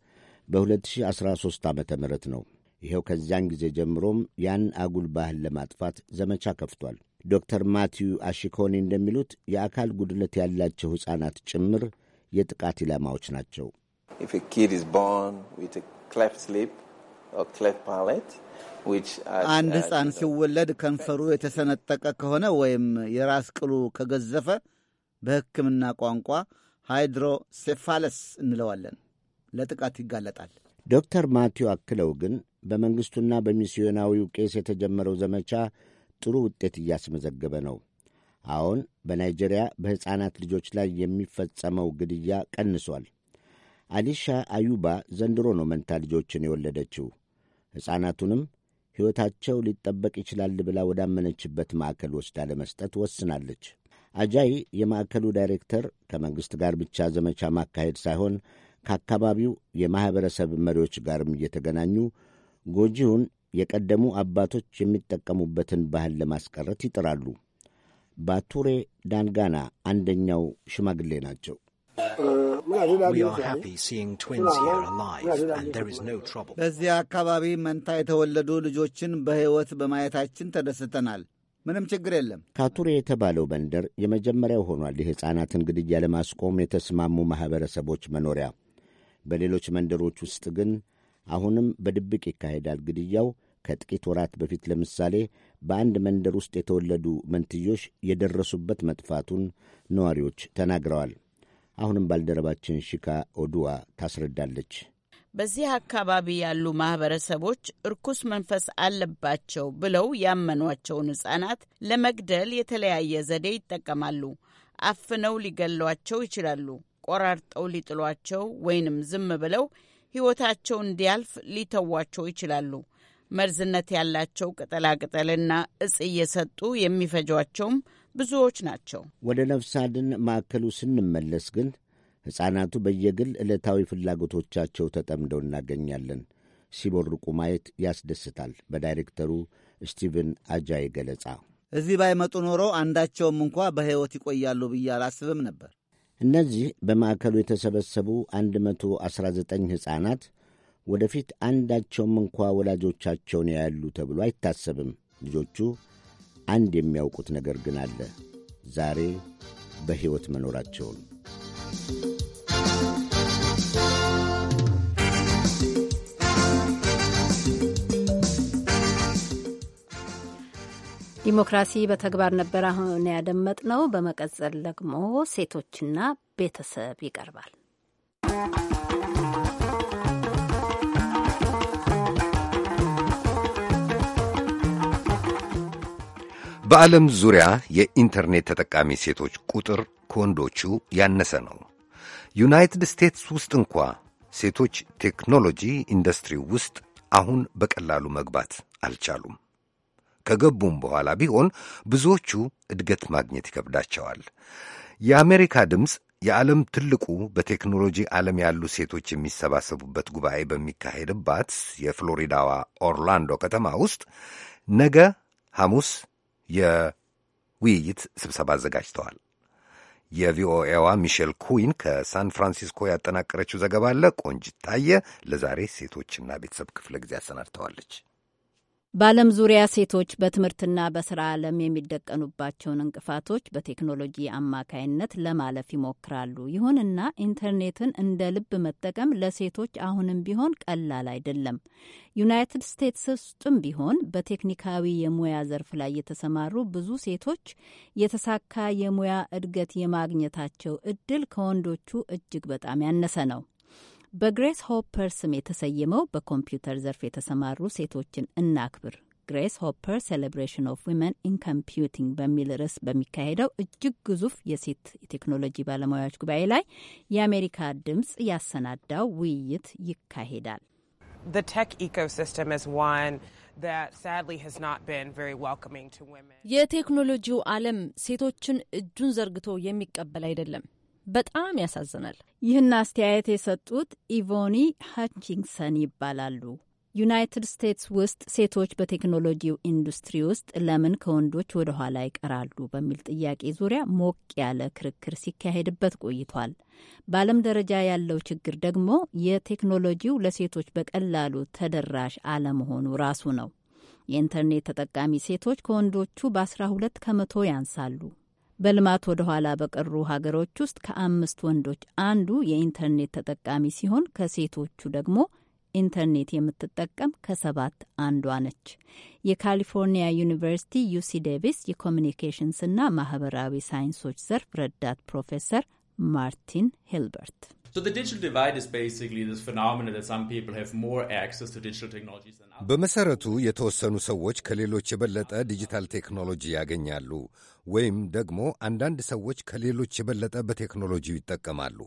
በ2013 ዓ ም ነው። ይኸው ከዚያን ጊዜ ጀምሮም ያን አጉል ባህል ለማጥፋት ዘመቻ ከፍቷል። ዶክተር ማቲዩ አሺኮኒ እንደሚሉት የአካል ጉድለት ያላቸው ሕፃናት ጭምር የጥቃት ኢላማዎች ናቸው። uh, አንድ ሕፃን ሲወለድ ከንፈሩ የተሰነጠቀ ከሆነ ወይም የራስ ቅሉ ከገዘፈ በሕክምና ቋንቋ ሃይድሮሴፋለስ እንለዋለን፣ ለጥቃት ይጋለጣል። ዶክተር ማቲዩ አክለው ግን በመንግሥቱና በሚስዮናዊው ቄስ የተጀመረው ዘመቻ ጥሩ ውጤት እያስመዘገበ ነው። አሁን በናይጄሪያ በሕፃናት ልጆች ላይ የሚፈጸመው ግድያ ቀንሷል። አሊሻ አዩባ ዘንድሮ ነው መንታ ልጆችን የወለደችው። ሕፃናቱንም ሕይወታቸው ሊጠበቅ ይችላል ብላ ወዳመነችበት ማዕከል ወስዳ ለመስጠት ወስናለች። አጃይ የማዕከሉ ዳይሬክተር ከመንግሥት ጋር ብቻ ዘመቻ ማካሄድ ሳይሆን ከአካባቢው የማኅበረሰብ መሪዎች ጋርም እየተገናኙ ጎጂውን የቀደሙ አባቶች የሚጠቀሙበትን ባህል ለማስቀረት ይጥራሉ። ባቱሬ ዳንጋና አንደኛው ሽማግሌ ናቸው። በዚህ አካባቢ መንታ የተወለዱ ልጆችን በሕይወት በማየታችን ተደስተናል። ምንም ችግር የለም። ካቱሬ የተባለው መንደር የመጀመሪያው ሆኗል። የሕፃናትን ግድያ ለማስቆም የተስማሙ ማኅበረሰቦች መኖሪያ። በሌሎች መንደሮች ውስጥ ግን አሁንም በድብቅ ይካሄዳል ግድያው ከጥቂት ወራት በፊት ለምሳሌ በአንድ መንደር ውስጥ የተወለዱ መንትዮች የደረሱበት መጥፋቱን ነዋሪዎች ተናግረዋል። አሁንም ባልደረባችን ሽካ ኦዱዋ ታስረዳለች። በዚህ አካባቢ ያሉ ማህበረሰቦች እርኩስ መንፈስ አለባቸው ብለው ያመኗቸውን ሕፃናት ለመግደል የተለያየ ዘዴ ይጠቀማሉ። አፍነው ሊገሏቸው ይችላሉ። ቆራርጠው ሊጥሏቸው ወይንም ዝም ብለው ሕይወታቸው እንዲያልፍ ሊተዋቸው ይችላሉ። መርዝነት ያላቸው ቅጠላቅጠልና እጽ እየሰጡ የሚፈጇቸውም ብዙዎች ናቸው። ወደ ነፍስ አድን ማዕከሉ ስንመለስ ግን ሕፃናቱ በየግል ዕለታዊ ፍላጎቶቻቸው ተጠምደው እናገኛለን። ሲቦርቁ ማየት ያስደስታል። በዳይሬክተሩ ስቲቨን አጃይ ገለጻ እዚህ ባይመጡ ኖሮ አንዳቸውም እንኳ በሕይወት ይቆያሉ ብዬ አላስብም ነበር። እነዚህ በማዕከሉ የተሰበሰቡ 119 ሕፃናት ወደፊት አንዳቸውም እንኳ ወላጆቻቸውን ያሉ ተብሎ አይታሰብም። ልጆቹ አንድ የሚያውቁት ነገር ግን አለ፣ ዛሬ በሕይወት መኖራቸውን። ዲሞክራሲ በተግባር ነበር አሁን ያደመጥነው። በመቀጠል ደግሞ ሴቶችና ቤተሰብ ይቀርባል። በዓለም ዙሪያ የኢንተርኔት ተጠቃሚ ሴቶች ቁጥር ከወንዶቹ ያነሰ ነው። ዩናይትድ ስቴትስ ውስጥ እንኳ ሴቶች ቴክኖሎጂ ኢንዱስትሪ ውስጥ አሁን በቀላሉ መግባት አልቻሉም። ከገቡም በኋላ ቢሆን ብዙዎቹ እድገት ማግኘት ይከብዳቸዋል። የአሜሪካ ድምፅ የዓለም ትልቁ በቴክኖሎጂ ዓለም ያሉ ሴቶች የሚሰባሰቡበት ጉባኤ በሚካሄድባት የፍሎሪዳዋ ኦርላንዶ ከተማ ውስጥ ነገ ሐሙስ የውይይት ስብሰባ አዘጋጅተዋል። የቪኦኤዋ ሚሼል ኩዊን ከሳን ፍራንሲስኮ ያጠናቀረችው ዘገባ አለ። ቆንጅት ታየ ለዛሬ ሴቶችና ቤተሰብ ክፍለ ጊዜ አሰናድተዋለች። በዓለም ዙሪያ ሴቶች በትምህርትና በስራ ዓለም የሚደቀኑባቸውን እንቅፋቶች በቴክኖሎጂ አማካይነት ለማለፍ ይሞክራሉ። ይሁንና ኢንተርኔትን እንደ ልብ መጠቀም ለሴቶች አሁንም ቢሆን ቀላል አይደለም። ዩናይትድ ስቴትስ ውስጥም ቢሆን በቴክኒካዊ የሙያ ዘርፍ ላይ የተሰማሩ ብዙ ሴቶች የተሳካ የሙያ እድገት የማግኘታቸው እድል ከወንዶቹ እጅግ በጣም ያነሰ ነው። በግሬስ ሆፐር ስም የተሰየመው በኮምፒውተር ዘርፍ የተሰማሩ ሴቶችን እናክብር ግሬስ ሆፐር ሴሌብሬሽን ኦፍ ዊመን ኢን ኮምፒውቲንግ በሚል ርዕስ በሚካሄደው እጅግ ግዙፍ የሴት የቴክኖሎጂ ባለሙያዎች ጉባኤ ላይ የአሜሪካ ድምፅ ያሰናዳው ውይይት ይካሄዳል። የቴክኖሎጂው ዓለም ሴቶችን እጁን ዘርግቶ የሚቀበል አይደለም። በጣም ያሳዝናል። ይህን አስተያየት የሰጡት ኢቮኒ ሃችንግሰን ይባላሉ። ዩናይትድ ስቴትስ ውስጥ ሴቶች በቴክኖሎጂው ኢንዱስትሪ ውስጥ ለምን ከወንዶች ወደ ኋላ ይቀራሉ በሚል ጥያቄ ዙሪያ ሞቅ ያለ ክርክር ሲካሄድበት ቆይቷል። በዓለም ደረጃ ያለው ችግር ደግሞ የቴክኖሎጂው ለሴቶች በቀላሉ ተደራሽ አለመሆኑ ራሱ ነው። የኢንተርኔት ተጠቃሚ ሴቶች ከወንዶቹ በ12 ከመቶ ያንሳሉ። በልማት ወደ ኋላ በቀሩ ሀገሮች ውስጥ ከአምስት ወንዶች አንዱ የኢንተርኔት ተጠቃሚ ሲሆን ከሴቶቹ ደግሞ ኢንተርኔት የምትጠቀም ከሰባት አንዷ ነች። የካሊፎርኒያ ዩኒቨርሲቲ ዩሲ ዴቪስ የኮሚኒኬሽንስና ማህበራዊ ሳይንሶች ዘርፍ ረዳት ፕሮፌሰር ማርቲን ሂልበርት በመሰረቱ የተወሰኑ ሰዎች ከሌሎች የበለጠ ዲጂታል ቴክኖሎጂ ያገኛሉ ወይም ደግሞ አንዳንድ ሰዎች ከሌሎች የበለጠ በቴክኖሎጂው ይጠቀማሉ።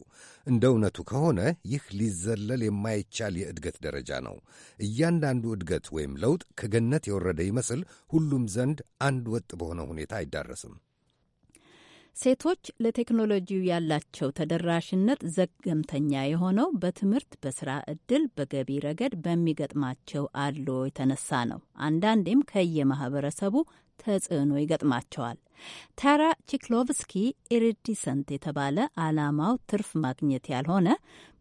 እንደ እውነቱ ከሆነ ይህ ሊዘለል የማይቻል የእድገት ደረጃ ነው። እያንዳንዱ እድገት ወይም ለውጥ ከገነት የወረደ ይመስል ሁሉም ዘንድ አንድ ወጥ በሆነ ሁኔታ አይዳረስም። ሴቶች ለቴክኖሎጂው ያላቸው ተደራሽነት ዘገምተኛ የሆነው በትምህርት፣ በስራ እድል፣ በገቢ ረገድ በሚገጥማቸው አድሎ የተነሳ ነው። አንዳንዴም ከየማህበረሰቡ ተጽዕኖ ይገጥማቸዋል። ታራ ቺክሎቭስኪ ኢሪዲሰንት የተባለ አላማው ትርፍ ማግኘት ያልሆነ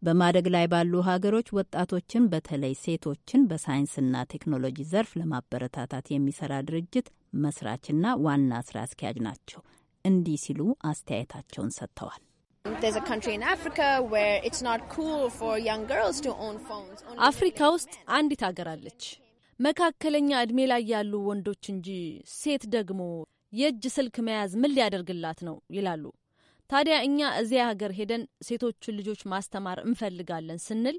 በማደግ ላይ ባሉ ሀገሮች ወጣቶችን በተለይ ሴቶችን በሳይንስና ቴክኖሎጂ ዘርፍ ለማበረታታት የሚሰራ ድርጅት መስራችና ዋና ስራ አስኪያጅ ናቸው። እንዲህ ሲሉ አስተያየታቸውን ሰጥተዋል። አፍሪካ ውስጥ አንዲት ሀገር አለች። መካከለኛ ዕድሜ ላይ ያሉ ወንዶች እንጂ ሴት ደግሞ የእጅ ስልክ መያዝ ምን ሊያደርግላት ነው ይላሉ። ታዲያ እኛ እዚያ ሀገር ሄደን ሴቶቹን ልጆች ማስተማር እንፈልጋለን ስንል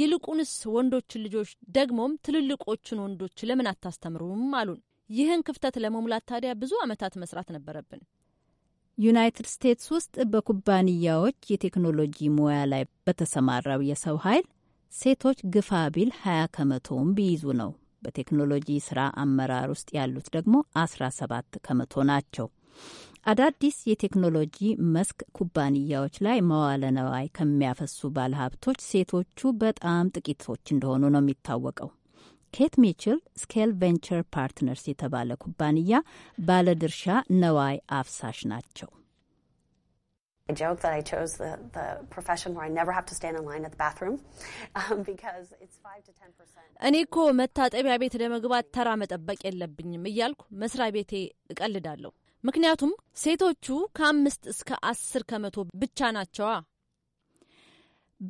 ይልቁንስ ወንዶችን ልጆች ደግሞም ትልልቆችን ወንዶች ለምን አታስተምሩም አሉን። ይህን ክፍተት ለመሙላት ታዲያ ብዙ ዓመታት መስራት ነበረብን። ዩናይትድ ስቴትስ ውስጥ በኩባንያዎች የቴክኖሎጂ ሙያ ላይ በተሰማራው የሰው ኃይል ሴቶች ግፋ ቢል 20 ከመቶውን ቢይዙ ነው። በቴክኖሎጂ ስራ አመራር ውስጥ ያሉት ደግሞ 17 ከመቶ ናቸው። አዳዲስ የቴክኖሎጂ መስክ ኩባንያዎች ላይ መዋለ ነዋይ ከሚያፈሱ ባለሀብቶች ሴቶቹ በጣም ጥቂቶች እንደሆኑ ነው የሚታወቀው። ኬት ሚችል ስኬል ቬንቸር ፓርትነርስ የተባለ ኩባንያ ባለድርሻ ነዋይ አፍሳሽ ናቸው። um, እኔ እኮ መታጠቢያ ቤት ለመግባት ተራ መጠበቅ የለብኝም እያልኩ መስሪያ ቤቴ እቀልዳለሁ። ምክንያቱም ሴቶቹ ከአምስት እስከ አስር ከመቶ ብቻ ናቸዋ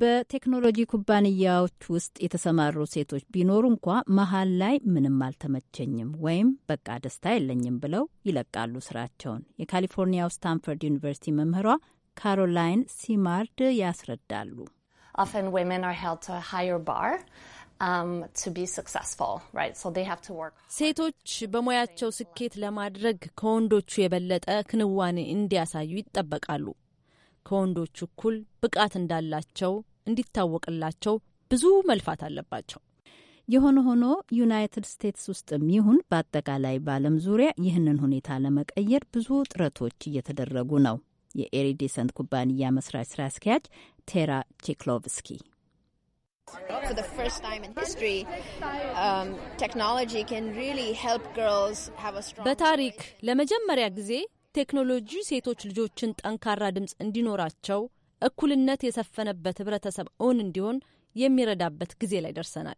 በቴክኖሎጂ ኩባንያዎች ውስጥ የተሰማሩ ሴቶች ቢኖሩ እንኳ መሀል ላይ ምንም አልተመቸኝም ወይም በቃ ደስታ የለኝም ብለው ይለቃሉ ስራቸውን። የካሊፎርኒያው ስታንፈርድ ዩኒቨርሲቲ መምህሯ ካሮላይን ሲማርድ ያስረዳሉ። um, ሴቶች በሙያቸው ስኬት ለማድረግ ከወንዶቹ የበለጠ ክንዋኔ እንዲያሳዩ ይጠበቃሉ። ከወንዶች እኩል ብቃት እንዳላቸው እንዲታወቅላቸው ብዙ መልፋት አለባቸው። የሆነ ሆኖ ዩናይትድ ስቴትስ ውስጥም ይሁን በአጠቃላይ በዓለም ዙሪያ ይህንን ሁኔታ ለመቀየር ብዙ ጥረቶች እየተደረጉ ነው። የኤሪዴሰንት ኩባንያ መስራች ስራ አስኪያጅ ቴራ ቼክሎቭስኪ um, በታሪክ ለመጀመሪያ ጊዜ ቴክኖሎጂ ሴቶች ልጆችን ጠንካራ ድምፅ እንዲኖራቸው፣ እኩልነት የሰፈነበት ህብረተሰብ እውን እንዲሆን የሚረዳበት ጊዜ ላይ ደርሰናል።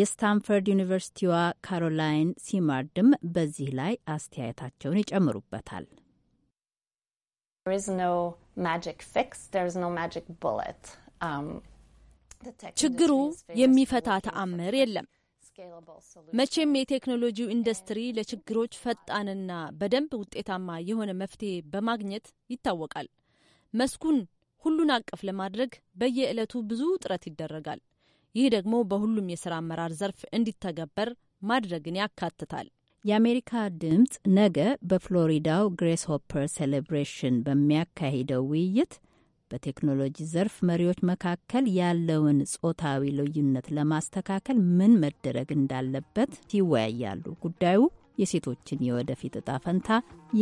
የስታንፈርድ ዩኒቨርሲቲዋ ካሮላይን ሲማርድም በዚህ ላይ አስተያየታቸውን ይጨምሩበታል። um, ችግሩ የሚፈታ ተአምር የለም። መቼም የቴክኖሎጂው ኢንዱስትሪ ለችግሮች ፈጣንና በደንብ ውጤታማ የሆነ መፍትሄ በማግኘት ይታወቃል። መስኩን ሁሉን አቀፍ ለማድረግ በየዕለቱ ብዙ ጥረት ይደረጋል። ይህ ደግሞ በሁሉም የስራ አመራር ዘርፍ እንዲተገበር ማድረግን ያካትታል። የአሜሪካ ድምፅ ነገ በፍሎሪዳው ግሬስ ሆፐር ሴሌብሬሽን በሚያካሂደው ውይይት በቴክኖሎጂ ዘርፍ መሪዎች መካከል ያለውን ጾታዊ ልዩነት ለማስተካከል ምን መደረግ እንዳለበት ይወያያሉ። ጉዳዩ የሴቶችን የወደፊት እጣ ፈንታ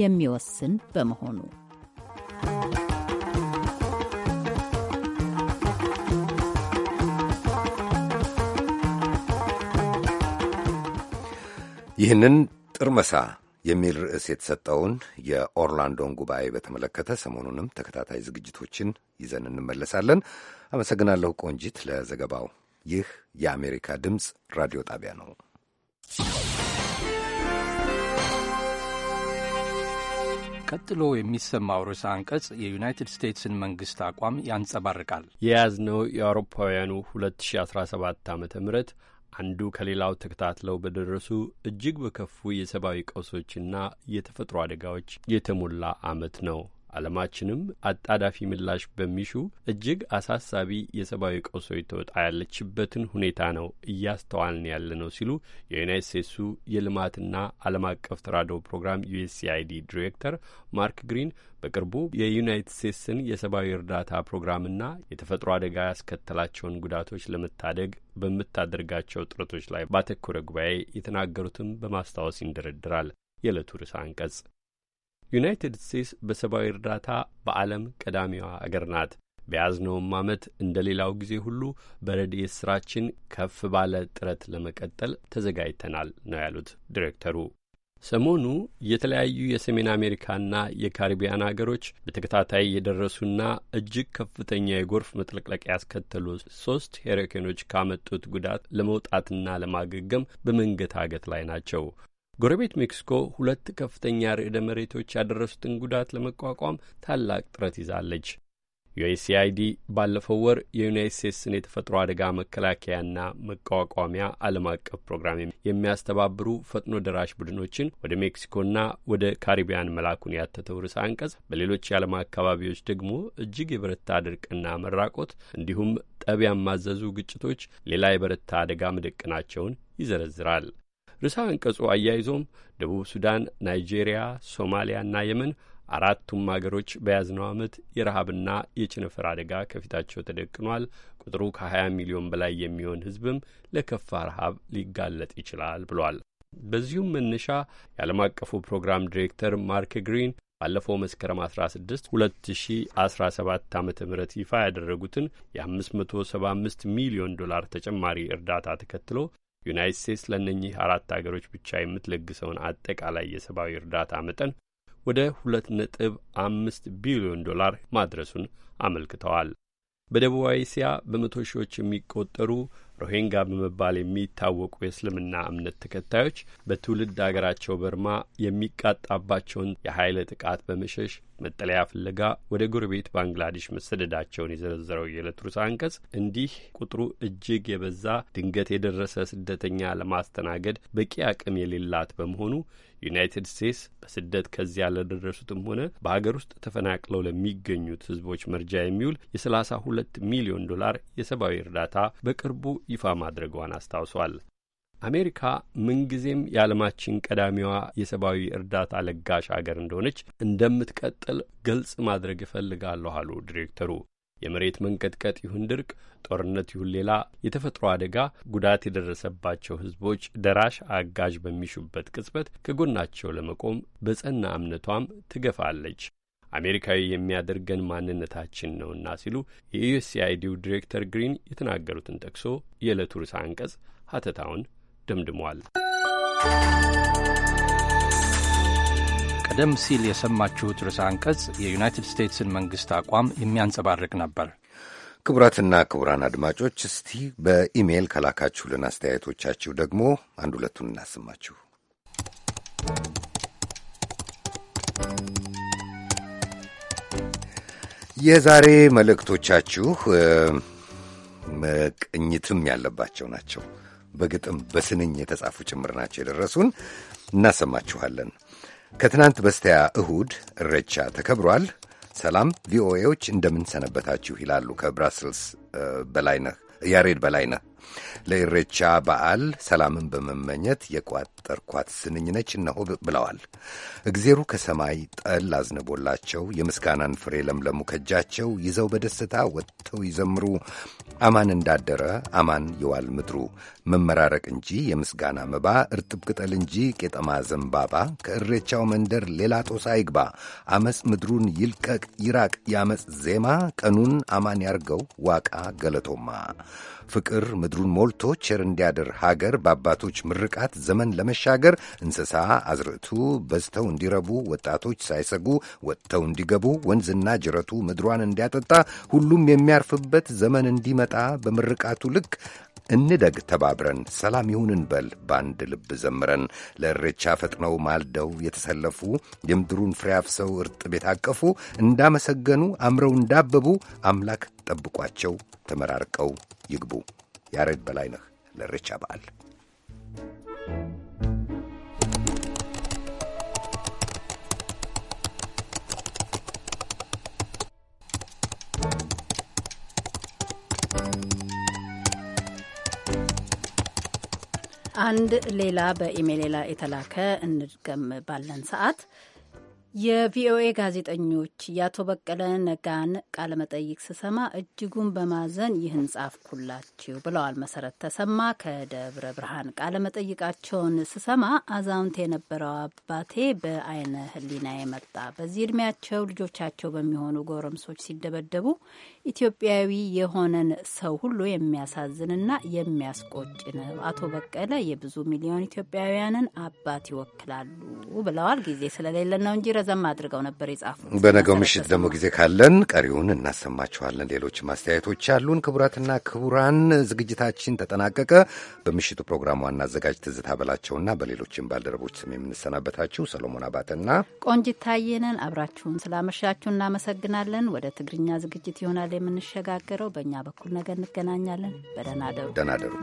የሚወስን በመሆኑ ይህንን ጥርመሳ የሚል ርዕስ የተሰጠውን የኦርላንዶን ጉባኤ በተመለከተ ሰሞኑንም ተከታታይ ዝግጅቶችን ይዘን እንመለሳለን። አመሰግናለሁ ቆንጂት ለዘገባው። ይህ የአሜሪካ ድምፅ ራዲዮ ጣቢያ ነው። ቀጥሎ የሚሰማው ርዕሰ አንቀጽ የዩናይትድ ስቴትስን መንግስት አቋም ያንጸባርቃል። የያዝነው የአውሮፓውያኑ 2017 ዓ ም አንዱ ከሌላው ተከታትለው በደረሱ እጅግ በከፉ የሰብአዊ ቀውሶችና የተፈጥሮ አደጋዎች የተሞላ ዓመት ነው። ዓለማችንም አጣዳፊ ምላሽ በሚሹ እጅግ አሳሳቢ የሰብአዊ ቀውሶች ተወጣ ያለችበትን ሁኔታ ነው እያስተዋልን ያለ ነው ሲሉ የዩናይት ስቴትሱ የልማትና ዓለም አቀፍ ተራድኦ ፕሮግራም ዩኤስኤአይዲ ዲሬክተር ማርክ ግሪን በቅርቡ የዩናይትድ ስቴትስን የሰብአዊ እርዳታ ፕሮግራምና የተፈጥሮ አደጋ ያስከተላቸውን ጉዳቶች ለመታደግ በምታደርጋቸው ጥረቶች ላይ ባተኮረ ጉባኤ የተናገሩትን በማስታወስ ይንደረድራል የዕለቱ ርዕሰ አንቀጽ። ዩናይትድ ስቴትስ በሰብአዊ እርዳታ በዓለም ቀዳሚዋ አገር ናት። በያዝነውም ዓመት እንደ ሌላው ጊዜ ሁሉ በረድኤት ስራችን ከፍ ባለ ጥረት ለመቀጠል ተዘጋጅተናል ነው ያሉት ዲሬክተሩ። ሰሞኑ የተለያዩ የሰሜን አሜሪካና የካሪቢያን አገሮች በተከታታይ የደረሱና እጅግ ከፍተኛ የጎርፍ መጥለቅለቅ ያስከተሉ ሶስት ሄሪኬኖች ካመጡት ጉዳት ለመውጣትና ለማገገም በመንገታገት ላይ ናቸው። ጎረቤት ሜክሲኮ ሁለት ከፍተኛ ርዕደ መሬቶች ያደረሱትን ጉዳት ለመቋቋም ታላቅ ጥረት ይዛለች። ዩኤስኤአይዲ ባለፈው ወር የዩናይት ስቴትስን የተፈጥሮ አደጋ መከላከያና መቋቋሚያ ዓለም አቀፍ ፕሮግራም የሚያስተባብሩ ፈጥኖ ደራሽ ቡድኖችን ወደ ሜክሲኮና ወደ ካሪቢያን መላኩን ያተተው ርዕሰ አንቀጽ በሌሎች የዓለም አካባቢዎች ደግሞ እጅግ የበረታ ድርቅና መራቆት እንዲሁም ጠብ ያማዘዙ ግጭቶች ሌላ የበረታ አደጋ መደቅናቸውን ይዘረዝራል። ርዕሰ አንቀጹ አያይዞም ደቡብ ሱዳን፣ ናይጄሪያ፣ ና የመን አራቱም አገሮች በያዝነው ዓመት የረሃብና የቸነፈር አደጋ ከፊታቸው ተደቅኗል። ቁጥሩ ከ20 ሚሊዮን በላይ የሚሆን ሕዝብም ለከፋ ረሃብ ሊጋለጥ ይችላል ብሏል። በዚሁም መነሻ የዓለም አቀፉ ፕሮግራም ዲሬክተር ማርክ ግሪን ባለፈው መስከረም 16 2017 ዓ ም ይፋ ያደረጉትን የ575 ሚሊዮን ዶላር ተጨማሪ እርዳታ ተከትሎ ዩናይት ስቴትስ ለእነኚህ አራት አገሮች ብቻ የምትለግሰውን አጠቃላይ የሰብአዊ እርዳታ መጠን ወደ ሁለት ነጥብ አምስት ቢሊዮን ዶላር ማድረሱን አመልክተዋል። በደቡባዊ እስያ በመቶ ሺዎች የሚቆጠሩ ሮሂንጋ በመባል የሚታወቁ የእስልምና እምነት ተከታዮች በትውልድ አገራቸው በርማ የሚቃጣባቸውን የኃይል ጥቃት በመሸሽ መጠለያ ፍለጋ ወደ ጎረቤት ባንግላዴሽ መሰደዳቸውን የዘረዘረው የዕለት ርዕሰ አንቀጽ እንዲህ ቁጥሩ እጅግ የበዛ ድንገት የደረሰ ስደተኛ ለማስተናገድ በቂ አቅም የሌላት በመሆኑ ዩናይትድ ስቴትስ በስደት ከዚያ ለደረሱትም ሆነ በሀገር ውስጥ ተፈናቅለው ለሚገኙት ሕዝቦች መርጃ የሚውል የሰላሳ ሁለት ሚሊዮን ዶላር የሰብአዊ እርዳታ በቅርቡ ይፋ ማድረጓን አስታውሷል። አሜሪካ ምንጊዜም የዓለማችን ቀዳሚዋ የሰብአዊ እርዳታ ለጋሽ አገር እንደሆነች እንደምትቀጥል ገልጽ ማድረግ እፈልጋለሁ አሉ ዲሬክተሩ። የመሬት መንቀጥቀጥ ይሁን ድርቅ፣ ጦርነት ይሁን ሌላ የተፈጥሮ አደጋ ጉዳት የደረሰባቸው ሕዝቦች ደራሽ አጋዥ በሚሹበት ቅጽበት ከጎናቸው ለመቆም በጸና እምነቷም ትገፋለች አሜሪካዊ የሚያደርገን ማንነታችን ነውና ሲሉ የዩኤስኤአይዲው ዲሬክተር ግሪን የተናገሩትን ጠቅሶ የዕለቱ ርዕሰ አንቀጽ ሀተታውን ደምድሟል። ቀደም ሲል የሰማችሁት ርዕሰ አንቀጽ የዩናይትድ ስቴትስን መንግሥት አቋም የሚያንጸባርቅ ነበር። ክቡራትና ክቡራን አድማጮች እስቲ በኢሜይል ከላካችሁልን አስተያየቶቻችሁ ደግሞ አንድ ሁለቱን እናሰማችሁ። የዛሬ መልእክቶቻችሁ መቅኝትም ያለባቸው ናቸው። በግጥም በስንኝ የተጻፉ ጭምር ናቸው የደረሱን። እናሰማችኋለን። ከትናንት በስቲያ እሁድ እረቻ ተከብሯል። ሰላም ቪኦኤዎች እንደምንሰነበታችሁ ይላሉ ከብራስልስ በላይነህ ያሬድ በላይነህ ለኢሬቻ በዓል ሰላምን በመመኘት የቋጠርኳት ስንኝ ነች እነሆ ብለዋል። እግዜሩ ከሰማይ ጠል አዝንቦላቸው የምስጋናን ፍሬ ለምለሙ ከጃቸው ይዘው በደስታ ወጥተው ይዘምሩ። አማን እንዳደረ አማን ይዋል ምድሩ መመራረቅ እንጂ የምስጋና መባ እርጥብ ቅጠል እንጂ ቄጠማ ዘንባባ ከእሬቻው መንደር ሌላ ጦሳ ይግባ። አመፅ ምድሩን ይልቀቅ ይራቅ የአመፅ ዜማ ቀኑን አማን ያርገው ዋቃ ገለቶማ ፍቅር ምድሩን ሞል ሞልቶ ቸር እንዲያድር ሀገር በአባቶች ምርቃት ዘመን ለመሻገር እንስሳ አዝርዕቱ በዝተው እንዲረቡ ወጣቶች ሳይሰጉ ወጥተው እንዲገቡ ወንዝና ጅረቱ ምድሯን እንዲያጠጣ ሁሉም የሚያርፍበት ዘመን እንዲመጣ በምርቃቱ ልክ እንደግ ተባብረን ሰላም ይሁን እንበል በአንድ ልብ ዘምረን ለእሬቻ ፈጥነው ማልደው የተሰለፉ የምድሩን ፍሬ አፍሰው ቤት አቀፉ እንዳመሰገኑ አምረው እንዳበቡ አምላክ ጠብቋቸው ተመራርቀው ይግቡ። ያሬድ በላይነህ ለሬቻ በዓል አንድ ሌላ በኢሜይል የተላከ እንድገም ባለን ሰዓት የቪኦኤ ጋዜጠኞች የአቶ በቀለ ነጋን ቃለመጠይቅ ስሰማ እጅጉን በማዘን ይህን ጻፍኩላችሁ ብለዋል መሰረት ተሰማ። ከደብረ ብርሃን ቃለመጠይቃቸውን ስሰማ አዛውንት የነበረው አባቴ በአይነ ሕሊና የመጣ በዚህ እድሜያቸው ልጆቻቸው በሚሆኑ ጎረምሶች ሲደበደቡ ኢትዮጵያዊ የሆነን ሰው ሁሉ የሚያሳዝንና የሚያስቆጭ ነው። አቶ በቀለ የብዙ ሚሊዮን ኢትዮጵያውያንን አባት ይወክላሉ ብለዋል። ጊዜ ስለሌለን ነው እንጂ ረዘም አድርገው ነበር የጻፉ። በነገው ምሽት ደግሞ ጊዜ ካለን ቀሪውን እናሰማችኋለን። ሌሎችም ማስተያየቶች አሉን። ክቡራትና ክቡራን ዝግጅታችን ተጠናቀቀ። በምሽቱ ፕሮግራም ዋና አዘጋጅ ትዝታ በላቸውና በሌሎችም ባልደረቦች ስም የምንሰናበታችሁ ሰሎሞን አባተና ቆንጂት ታየነን አብራችሁን ስላመሻችሁ እናመሰግናለን። ወደ ትግርኛ ዝግጅት ይሆናል የምንሸጋገረው። በእኛ በኩል ነገ እንገናኛለን። በደህና ደሩ። ደህና ደሩ።